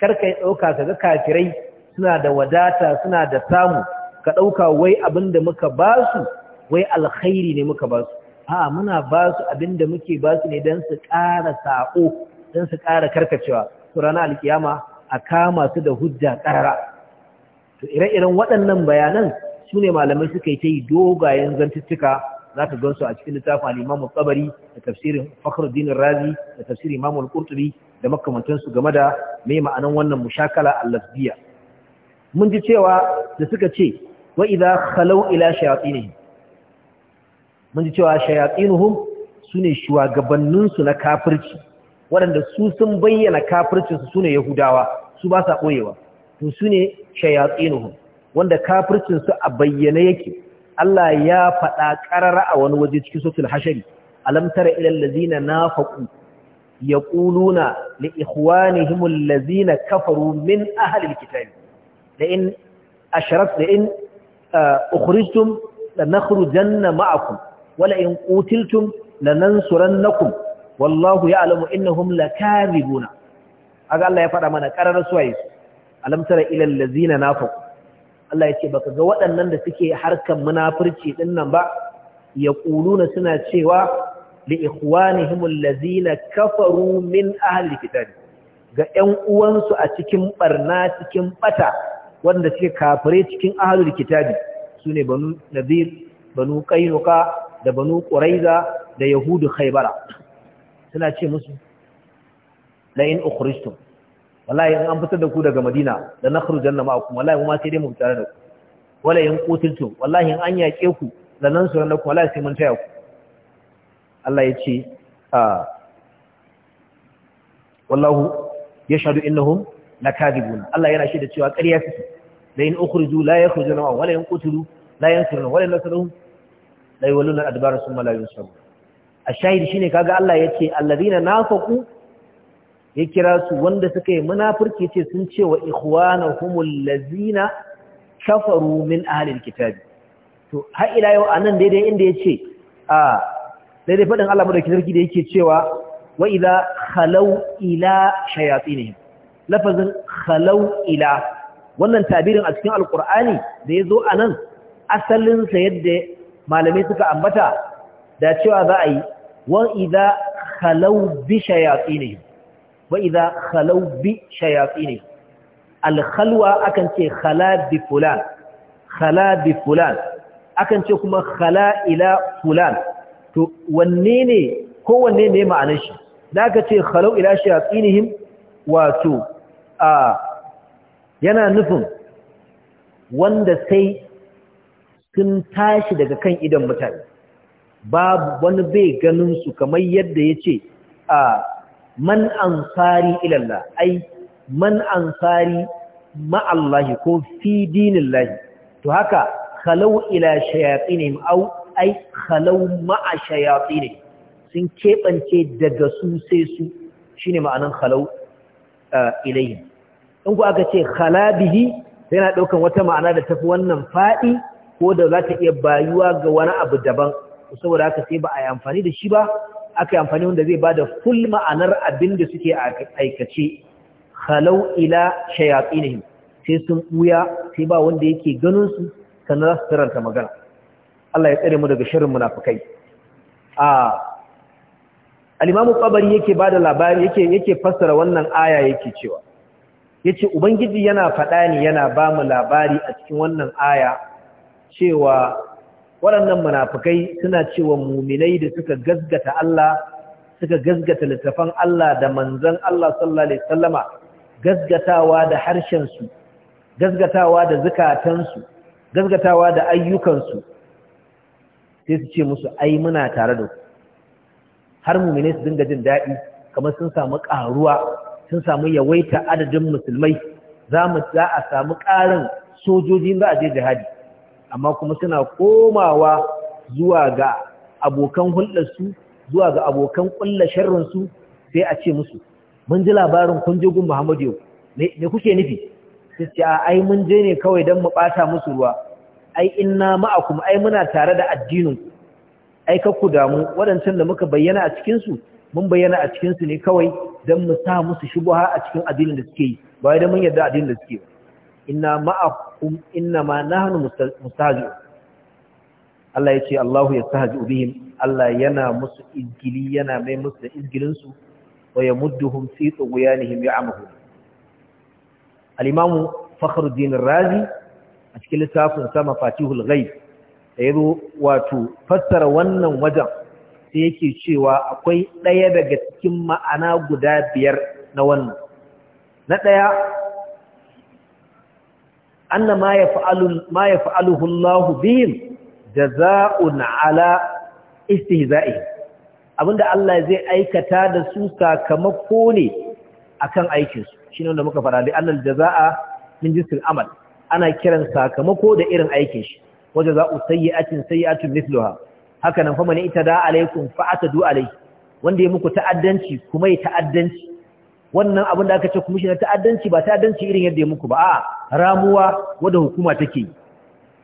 karka ya dauka kaga kafirai suna da wadata suna da samu ka dauka wai abinda muka basu wai alkhairi ne muka basu a muna basu abinda muke basu ne dan su ƙara sako dan su ƙara karkacewa su rana alkiyama a kama su da hujja ƙarara to ire-iren waɗannan bayanan su ne malamai suka yi ta yi dogayen zantuttuka za ka gansu a cikin littafin al'imamun tsabari da tafsirin fakhruddin razi da tafsirin imamun kurtubi da makamantansu game da mai ma'anan wannan mushakala allafbiya mun ji cewa da suka ce wa idan halau ila mun ji cewa su sune shugabanninsu na kafirci waɗanda su sun bayyana kafircinsu su ne yahudawa su ba sa ɓoyewa to su ne shayatsinuhu wanda kafircinsu a bayyana yake Allah ya faɗa ƙarara a wani waje cikin sotul hashari alamtar tara ilal lazina nafaqu yaquluna li ikhwanihim allazina kafaru min ahli alkitab Da in asharat da in uh, ukhrijtum janna ma'akum wala in qutiltum lanansurannakum wallahu ya'lamu innahum lakazibuna aga Allah ya faɗa mana ƙarar suwaye su alam tara ila allazina Allah ya ce baka ga waɗannan da suke harkan munafurci din nan ba yaquluna suna cewa li ikhwanihim allazina kafaru min ahli kitab ga ƴan uwansu a cikin barna cikin bata wanda suke kafire cikin ahlul kitabi sune banu nadir banu qainuqa da banu quraiza da yahudu khaybara suna ce musu la in ukhrijtum wallahi in an fitar da ku daga Madina da na nakhrujanna ma'akum wallahi mu ma sai dai mu tare da ku wala in qutiltum wallahi in an yake ku da nan su ku, wallahi sai mun taya ku Allah ya ce a ah, wallahu yashhadu innahum lakadibun Allah yana shi da cewa ƙarya suke la in ukhriju la yakhrujuna wala in qutilu la yansuruna wala nasruhum la yawalluna adbara summa la yunsarun ashahid shine kaga Allah yace allazina nafaqu ya kira su wanda suka yi munafurci ce sun ce wa ikhwanahumul lazina kafaru min ahlil kitabi to har ila yau anan daidai inda yace a daidai fadin Allah madaukakin sarki da yake cewa wa idza khalau ila shayatinihim lafazin khalau ila wannan tabirin a cikin alqur'ani da yazo anan asalin sa yadda malamai suka ambata da cewa za a yi wa idza khalaw bi shayatinihim wa idza khalaw bi akan ce khala bi fulan akan ce kuma khala ila fulan to wanne ne kowanne ne ma'anar shi zaka ce khalau ila wato a yana nufin wanda sai sun tashi daga kan idon mutane babu wani bai ganin su kamar yadda yace a man an fari Allah ai man ansari ma Allah ko fi lahi? to haka khalau ila shayatinihim au ai khalau ma ne? sun keɓance daga su sai su shine ma'anan khalau ilayhim in ku aka ce khalabihi yana ɗaukan wata ma'ana da tafi wannan faɗi ko da za ta iya bayuwa ga wani abu daban saboda haka sai ba a yi amfani da shi ba aka yi amfani wanda zai ba da full ma'anar abin da suke aikace halau ila shayatsinihim sai sun buya sai ba wanda yake ganin su sannan za su magana Allah ya tsare mu daga shirin munafukai a al-Imam Qabari yake bada labari yake fassara wannan aya yake cewa yace ubangiji yana faɗa ne yana ba mu labari a cikin wannan aya cewa waɗannan munafukai suna cewa muminai da suka gazgata Allah suka gazgata littafan Allah da manzon Allah sallallahu alaihi wasallama gazgatawa da harshen su gazgatawa da zakatan su gazgatawa da ayyukan su sai su ce musu ai muna tare da ku har muminai su dinga jin daɗi kamar sun samu karuwa sun samu yawaita adadin musulmai za mu za a samu ƙarin sojoji za a je jihadi amma kuma suna komawa zuwa ga abokan hulɗarsu zuwa ga abokan ƙulla sharrinsu sai a ce musu mun ji labarin kun Muhammadu yau me kuke nufi sai ce ai mun je ne kawai don mu ɓata musu ruwa ai inna ma'akum ai muna tare da addinin ai ku damu waɗancan da muka bayyana a cikinsu mun bayyana a cikinsu ne kawai don mu sa musu shubuha a cikin addinin da suke yi ba wai don mun yarda addinin da suke yi. inna ma'akum innama nahnu mustahzi'un Allah yace Allahu yastahzi'u bihim Allah yana musu izgili yana mai musu da izgilin su wa yamudduhum fi tughyanihim ya'mahun al-imam Fakhruddin Razi a cikin littafin sa Mafatihul Ghaib da yazo wato fassara wannan wajen sai yake cewa akwai daya daga cikin ma'ana guda biyar na wannan na daya anna ma yaf'alu ma yaf'aluhu Allahu bihim jazaa'un ala istihza'i abinda Allah zai aikata da su sakamako ne akan aikinsu. shine wanda muka fara da annal da min jinsil amal ana kiran sakamako da irin aikin shi waje za'u sayyi'atin sayyi'atun mithluha haka nan fa man itada alaikum fa atadu alai wanda ya muku ta'addanci kuma ya ta'addanci wannan abin da aka ce kuma shi na ta'addanci ba ta'addanci irin yadda ya muku ba a ramuwa wadda hukuma take yi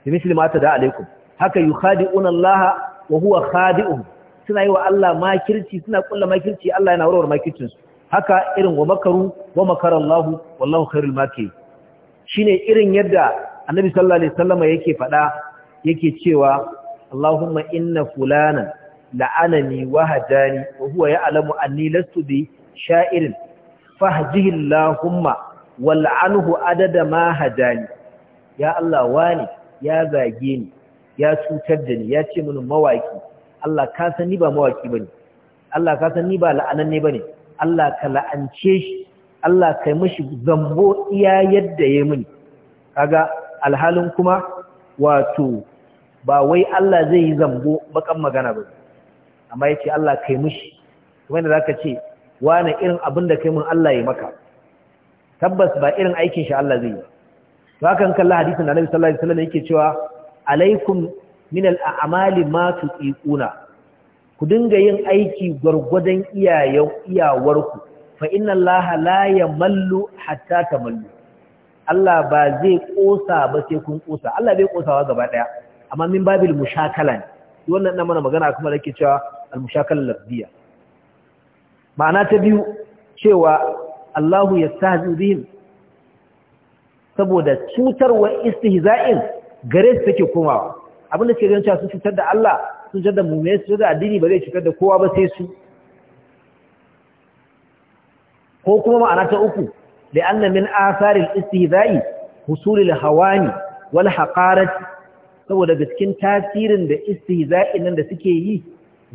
da misali da alaikum haka yi khadi'un Allah wa huwa khadi'un suna yi wa Allah makirci suna kulla makirci Allah yana warware makircinsu haka irin wa makaru wa makar Allah wallahu khairul makir shine irin yadda annabi sallallahu alaihi wasallam yake faɗa yake cewa Allahumma inna fulana la'anani wa hadani wa huwa ya'lamu anni lastu bi sha'irin fahjihi Allahumma wal'anhu adada ma hadani ya Allah wani ya zage ni ya cutar da ni ya ce mini mawaki Allah ka san ni ba mawaki bane Allah ka san ni ba la'ananne bane Allah ka la'ance shi Allah kai mishi zambo iya yadda yayi mini kaga alhalin kuma wato ba wai Allah zai yi zambo bakan magana ba amma yace Allah kai mishi kuma za zaka ce wane irin abin da kai mun Allah ya maka tabbas ba irin aikin shi Allah zai yi to hakan kalla hadisin da Annabi sallallahu alaihi wasallam yake cewa alaikum min al'amali ma tuqiquna ku dinga yin aiki gwargwadon iyayen iyawarku fa inna Allah la yamallu hatta tamallu Allah ba zai kosa ba sai kun kosa Allah bai kosawa gaba daya amma min babil mushakalan ne wannan dan mana magana kuma da ke cewa al mushakalan lafziya ma'ana ta biyu cewa Allahu yastahzi bihim saboda cutarwa istihza'in gare su take komawa abin da suke ganin cewa sun cutar da Allah sun cutar da mummai su cutar da addini ba zai cutar da kowa ba sai su ko kuma ma'ana ta uku da anna min asaril istihza'i husulil hawani wal haqarat saboda gaskin tasirin da istihza'in nan da suke yi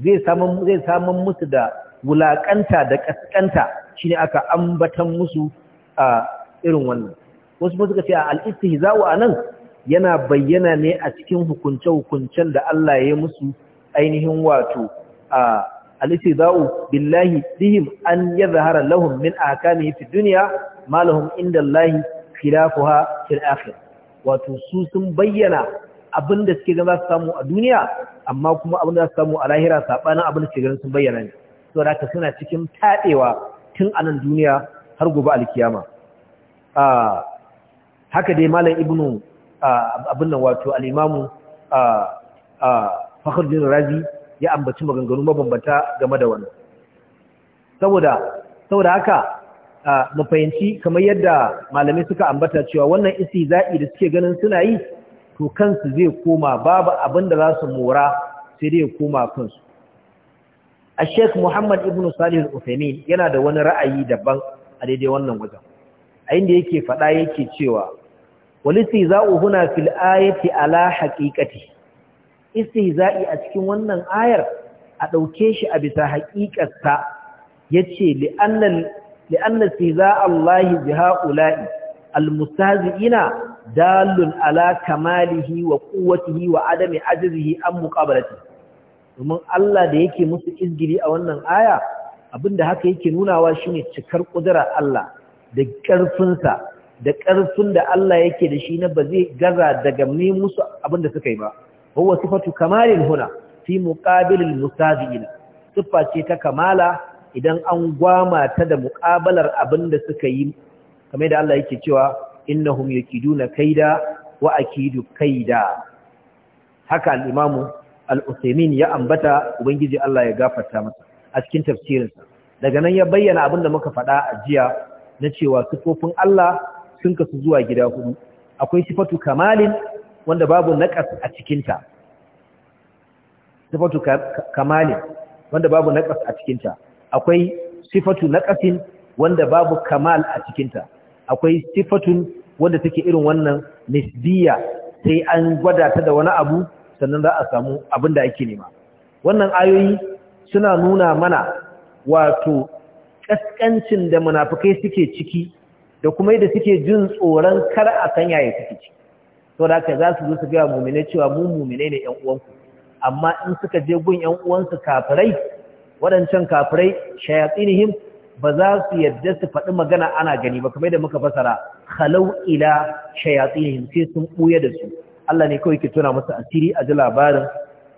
zai saman musu da wulaƙanta da ƙasƙanta shi ne aka ambatan musu a irin wannan wasu suka ce a al'istihza'u a nan yana bayyana ne a cikin hukunce-hukuncen da Allah ya musu ainihin wato a al'istihza'u billahi bihim an ya zahara lahum min akami fi duniya ma lahum inda Allahi khilafuha fil akhir wato su sun bayyana abin da suke ganin za su samu a duniya amma kuma abin da za su samu a lahira sabanin abin da suke ganin sun bayyana ne saboda ka suna cikin taɗewa tun a nan duniya har gobe alkiyama haka dai malam ibnu abin nan wato al'imamu fakhruddin razi ya ambaci maganganu mabambanta game da wannan saboda saboda haka mu fahimci kamar yadda malamai suka ambata cewa wannan za'i da suke ganin suna yi to kansu zai koma babu abin da za su mora sai dai ya koma kansu a sheikh muhammad ibn salih al yana da wani ra'ayi daban a daidai wannan wajen a inda yake faɗa yake cewa walisi za'u huna fil ayati ala haqiqati istihza'i a cikin wannan ayar a ɗauke shi a bisa haƙiƙarsa yace li'anna li'anna istihza'a Allah bi ha'ula'i almustahzi'ina dalun ala kamalihi wa quwwatihi wa adami ajzihi an muqabalatihi domin Allah da yake musu izgiri a wannan aya abinda haka yake nunawa shine cikar kudura Allah da ƙarfinsa da ƙarfin da Allah yake da shi na ba zai gaza daga mai musu abinda suka yi ba huwa sifatu kamalin huna fi muqabilil musabiin siffa ce ta kamala idan an gwama ta da muqabalar abinda suka yi kamar da Allah yake cewa innahum yakiduna kaida wa akidu kaida haka al al ya ambata ubangiji Allah ya gafarta masa a cikin tafsirinsa daga nan ya bayyana abin da muka faɗa a jiya na cewa sifofin Allah sun kasu zuwa gida hudu akwai sifatu kamalin wanda babu naqas a cikinta sifatu kamalin wanda babu naqas a cikinta akwai sifatu naqasin wanda babu kamal a cikinta akwai sifatun wanda take irin wannan nisbiya sai an gwada ta da wani abu sannan za a samu abin da ake nema wannan ayoyi suna nuna mana wato ƙasƙancin da munafukai suke ciki da kuma yadda suke jin tsoron kar a sanya ya suke ciki Sau da za su zo su gaya mummune cewa mun mummune ne ƴan uwanku amma in suka je gun ƴan uwansu kafirai waɗancan kafirai shayatsinihim ba za su yadda su faɗi magana ana gani ba kamar yadda muka fasara khalau ila shayatsinihim sai sun ɓuya da su Allah ne kawai ke tona musu asiri a ji labarin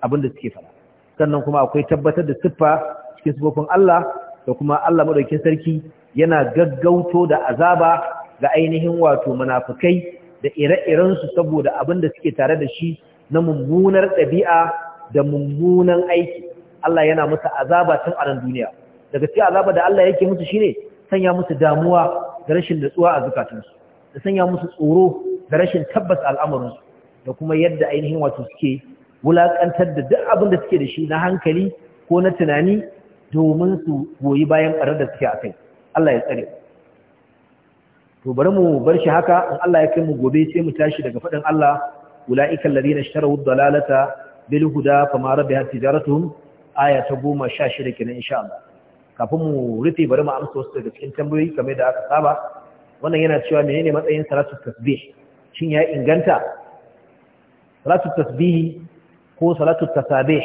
abin da suke fara sannan kuma akwai tabbatar da siffa cikin sufofin Allah da kuma Allah maɗaukin sarki yana gaggauto da azaba ga ainihin wato munafikai da ire-iren su saboda abin da suke tare da shi na mummunar ɗabi'a da mummunan aiki Allah yana musu azaba tun a nan duniya daga cikin azaba da Allah yake musu shine sanya musu damuwa da rashin natsuwa a zukatansu da sanya musu tsoro da rashin tabbas al'amuransu da kuma yadda ainihin wato suke wulakantar da duk abin da suke da shi na hankali ko na tunani domin su goyi bayan ɓarar da suke a kai Allah ya tsare to bari mu bar shi haka in Allah ya kai mu gobe sai mu tashi daga faɗin Allah ula'ikal ladina ishtaraw ad-dalalata bil huda fama rabihat tijaratuhum aya ta 16 kenan insha Allah kafin mu rufe bari mu amsa wasu daga cikin tambayoyi kamar da aka saba wannan yana cewa menene matsayin salatu tasbih shin ya inganta salatu tasbihi ko salatu tasabih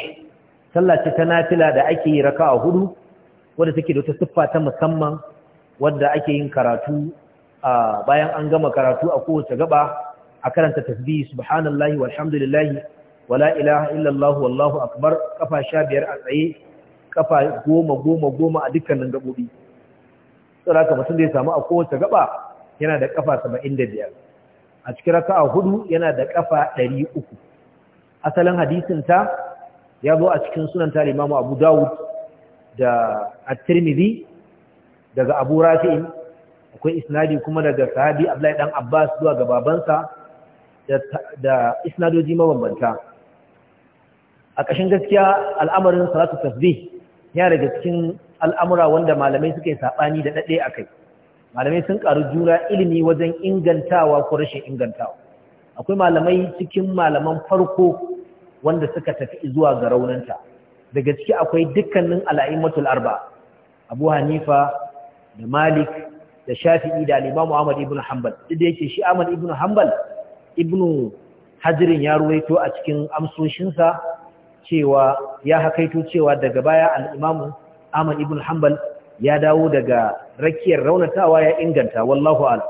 sallah ce ta nafila da ake yi raka'a hudu wadda take da wata siffa ta musamman wadda ake yin karatu bayan an gama karatu a kowace gaba a karanta tasbihi subhanallahi walhamdulillahi wala ilaha illallah wallahu akbar kafa sha biyar a tsaye kafa goma goma goma a dukkanin gabobi saboda haka mutum da ya samu a kowace gaba yana da kafa saba'in da biyar a cikin raka'a hudu yana da kafa 300 asalin hadisin ta ya zo a cikin sunan ta Abu Dawud da At-Tirmidhi daga Abu rafiin akwai isnadi kuma daga sahabi Abdullahi dan Abbas zuwa ga babansa da isnadoji mabambanta a ƙashin gaskiya al'amarin salatu tasbih yana daga cikin al'amura wanda malamai suke sabani saɓani da dade a kai malamai sun karu juna ilimi wajen ingantawa ko rashin ingantawa akwai malamai cikin malaman farko wanda suka tafi zuwa ga raunanta daga ciki akwai dukkanin al'aimatul arba abu hanifa da malik da shafi'i da al'imamu ahmad ibn hanbal duk da yake shi ahmad ibn hanbal ibn hajirin ya ruwaito a cikin amsoshinsa cewa ya hakaito cewa daga baya al'imamu ahmad ibn hanbal ya dawo daga rakiyar raunatawa ya inganta wallahu ala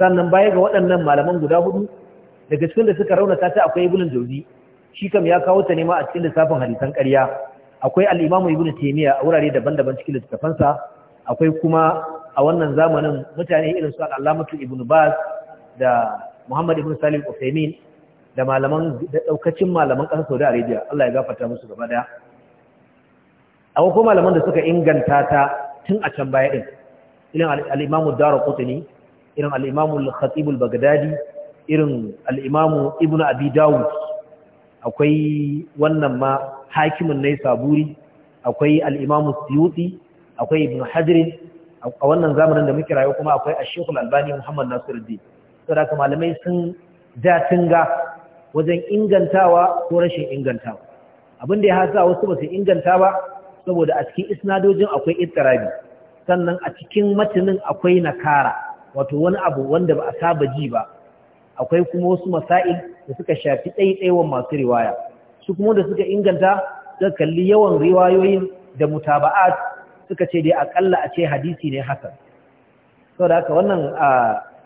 sannan baya ga waɗannan malaman guda hudu daga cikin da suka raunata ta akwai ibnu jauzi shi kam ya kawo ta nema a cikin lissafin hadisan ƙarya akwai al-imamu ibnu taymiya a wurare daban-daban cikin sa akwai kuma a wannan zamanin mutane irin su al-allamatu ibn baz da muhammad ibnu salim al da malaman da daukacin malaman ƙasar saudi arabia Allah ya gafarta musu gaba daya akwai kuma malaman da suka inganta ta tun a can baya ɗin irin al-Imam ad irin al khatibul bagdadi irin alimamu Ibnu Ibn Abi Dawud akwai wannan ma hakimin ne saburi akwai alimamu imam akwai Ibn Hajar a wannan zamanin da muke rayuwa kuma akwai a sheikh albani Muhammad Nasiruddin saboda kuma malamai sun ja tunga wajen ingantawa ko rashin ingantawa abin da ya hasa wasu ba su inganta ba saboda a cikin isnadojin akwai ittirabi sannan a cikin matanin akwai nakara wato wani abu wanda ba a saba ji ba akwai kuma wasu masail da suka shafi ɗaiɗaiwan masu riwaya su kuma da suka inganta da kalli yawan riwayoyin da mutaba'at suka ce dai akalla a ce hadisi ne hasan saboda haka wannan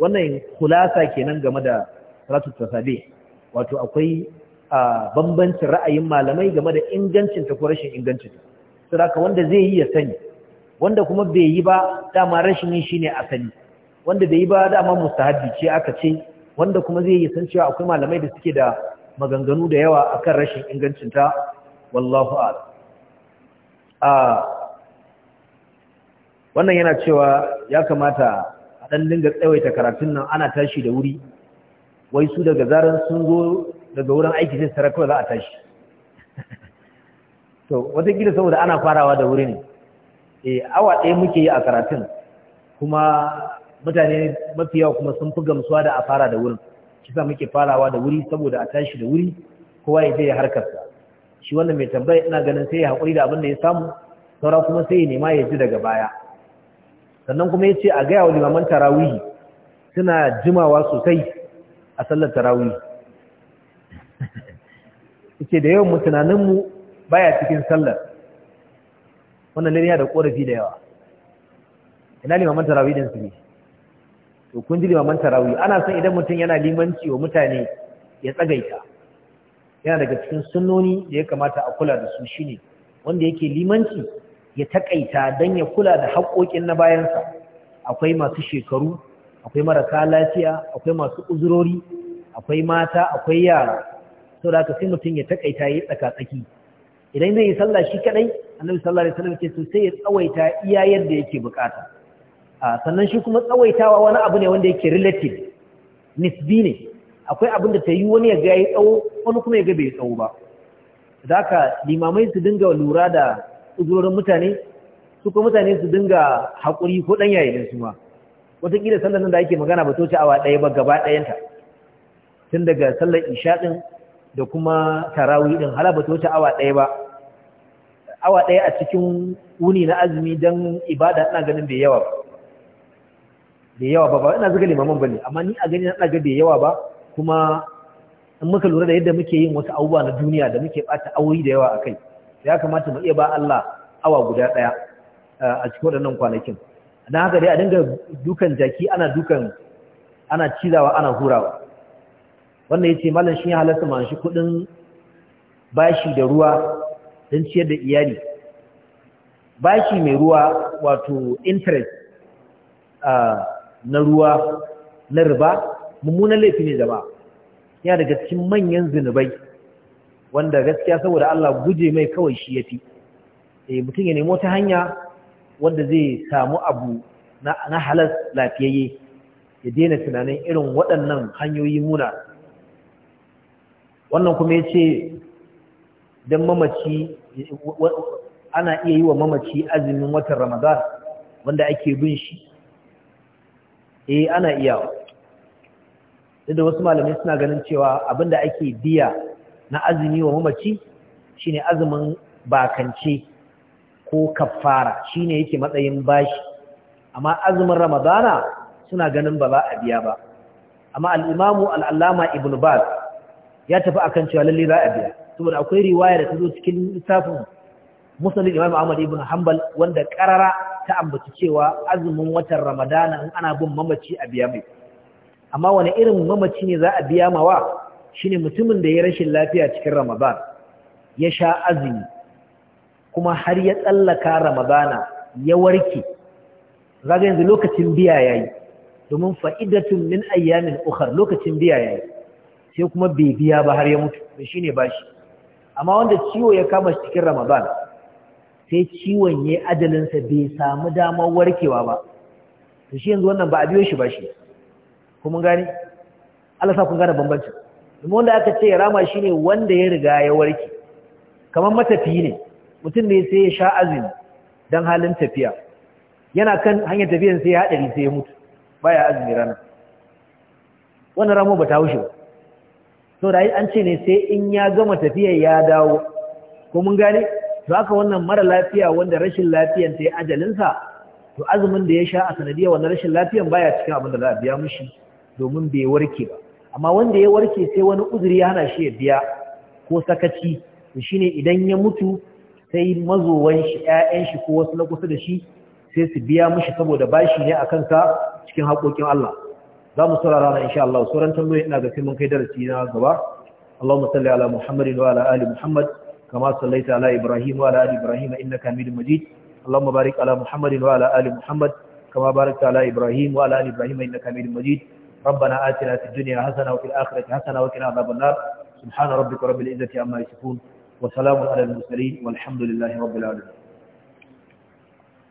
wannan khulasa kenan game da salatu tasabi wato akwai bambancin ra'ayin malamai game da ingancin ta ko rashin ingancin ta saboda wanda zai yi ya sani wanda kuma bai yi ba dama rashin yi shine sani, wanda bai yi ba dama mustahabi ce aka ce wanda kuma zai yi san cewa akwai malamai da suke da maganganu da yawa akan rashin ingancin ta wallahu a'lam a wannan yana cewa ya kamata a dan dinga tsawaita karatun nan ana tashi da wuri wai su daga zaran sun zo daga wurin aiki sai saraka za a tashi to wataƙila saboda ana farawa da wuri ne eh awa ɗaya muke yi a karatun kuma mutane mafi yawa kuma sun fi gamsuwa da a fara da wurin kisa muke farawa da wuri saboda a tashi da wuri kowa ya je harkarsa shi wanda mai tambaya ina ganin sai ya haƙuri da abin da ya samu saura kuma sai ya nema ya ji daga baya sannan kuma ya ce a gaya wa limaman tarawihi suna jimawa sosai a sallar tarawihi ce da yawan mu tunaninmu baya cikin sallar wannan ne yana da korafi da yawa ina limaman tarawih din su ne to kun ji limaman tarawih ana son idan mutum yana limanci wa mutane ya tsagaita yana daga cikin sunnoni da ya kamata a kula da su shine wanda yake limanci ya takaita dan ya kula da haƙoƙin na bayansa akwai masu shekaru akwai marasa lafiya akwai masu uzurori akwai mata akwai yara saboda haka sai mutum ya takaita ya yi tsakatsaki idan zai yi sallah shi kadai annabi sallallahu alaihi wasallam ce sai ya tsawaita iya yadda yake bukata sannan shi kuma tsawaitawa wani abu ne wanda yake relative nisbi ne akwai abin da ta yi wani ya ga yayi tsawo wani kuma ya ga bai tsawo ba zaka limamai su dinga lura da uzurorin mutane su kuma mutane su dinga hakuri ko dan yayin su ma wataƙila sallar nan da ake magana ba toce awa ɗaya ba gaba ɗayanta tun daga sallar isha ɗin da kuma tarawi din hala ba toce awa ɗaya ba awa ɗaya a cikin wuni na azumi don ibada ina ganin bai yawa ba, bai yawa ba ba ina zuga ba ne, amma ni a gani na ina bai yawa ba kuma in muka lura da yadda muke yin wasu abubuwa na duniya da muke ɓata aure da yawa a kai ya kamata mu iya ba Allah awa guda ɗaya eh, a cikin waɗannan kwanakin don haka dai a dinga dukan jaki ana dukan ana cizawa ana hurawa wannan ya ce malam shi ya halatta ma shi kudin bashi da ruwa don ciyar da iyali bashi mai ruwa wato interest na ruwa na riba mummunan laifi ne jama'a yana daga cikin manyan zunubai wanda gaskiya saboda Allah guje mai kawai shi yafi eh mutum ya nemo ta hanya wanda zai samu abu na halas lafiyayye ya daina tunanin irin waɗannan hanyoyi muna wannan kuma ya ce don mamaci ana iya yi wa mamaci azumin watan ramadan wanda ake bin shi eh ana iya da wasu malamai suna ganin cewa abinda ake biya na azumi wa mamaci shine azumin bakance ko kafara shine yake matsayin bashi amma azumin ramadana suna ganin ba za a biya ba amma Al'imamu imamu al ibn baz ya tafi akan cewa lalle za a biya saboda akwai riwaya da ta zo cikin littafin musulun imam ahmad ibn hanbal wanda karara ta ambaci cewa azumin watan ramadana in ana bin mamaci a biya mai amma wani irin mamaci ne za a biya ma mawa shine mutumin da ya rashin lafiya cikin ramadan ya sha azumi kuma har ya tsallaka ramadana ya warke zaga yanzu lokacin biya yayi domin fa'idatun min ayyamin ukhar lokacin biya yayi sai kuma bai biya ba har ya mutu shine bashi amma wanda ciwo ya kama shi cikin ramadan sai ciwon ya sa bai samu damar warkewa ba to shi yanzu wannan ba a biyo shi ba shi kuma gani Allah sa kun gane bambancin kuma wanda aka ce rama shine wanda ya riga ya warke kamar matafiyi ne mutum ne sai ya sha azumi dan halin tafiya yana kan hanyar tafiyar sai ya hadari sai ya mutu baya azumi rana wannan ramo ba ta wuce ba so da an ce ne sai in ya gama tafiyar ya dawo ko mun gane to haka wannan mara lafiya wanda rashin lafiyan ta yi ajalinsa to azumin da ya sha a sanadiyar wannan rashin lafiyan baya cikin abin da za a biya mishi domin bai warke ba amma wanda ya warke sai wani uzuri ya hana shi ya biya ko sakaci to shine idan ya mutu sai mazowan shi ƴaƴan shi ko wasu na kusa da shi sai su biya mishi saboda bashi ne akan sa cikin haƙoƙin Allah za mu saurara na insha Allah sauran tambayoyi ina ga mun kai darasi na gaba Allahumma salli ala Muhammadin wa ala ali Muhammad kama sallaita ala Ibrahim wa ala ali Ibrahim innaka Hamidum Majid Allahumma barik ala Muhammadin wa ala ali Muhammad kama barakta ala Ibrahim wa ala ali Ibrahim innaka Hamidum Majid ربنا آتنا في الدنيا حسنة hasana الآخرة حسنة وقنا عذاب النار سبحان ربك رب amma عما يصفون وسلام ala المرسلين والحمد لله رب العالمين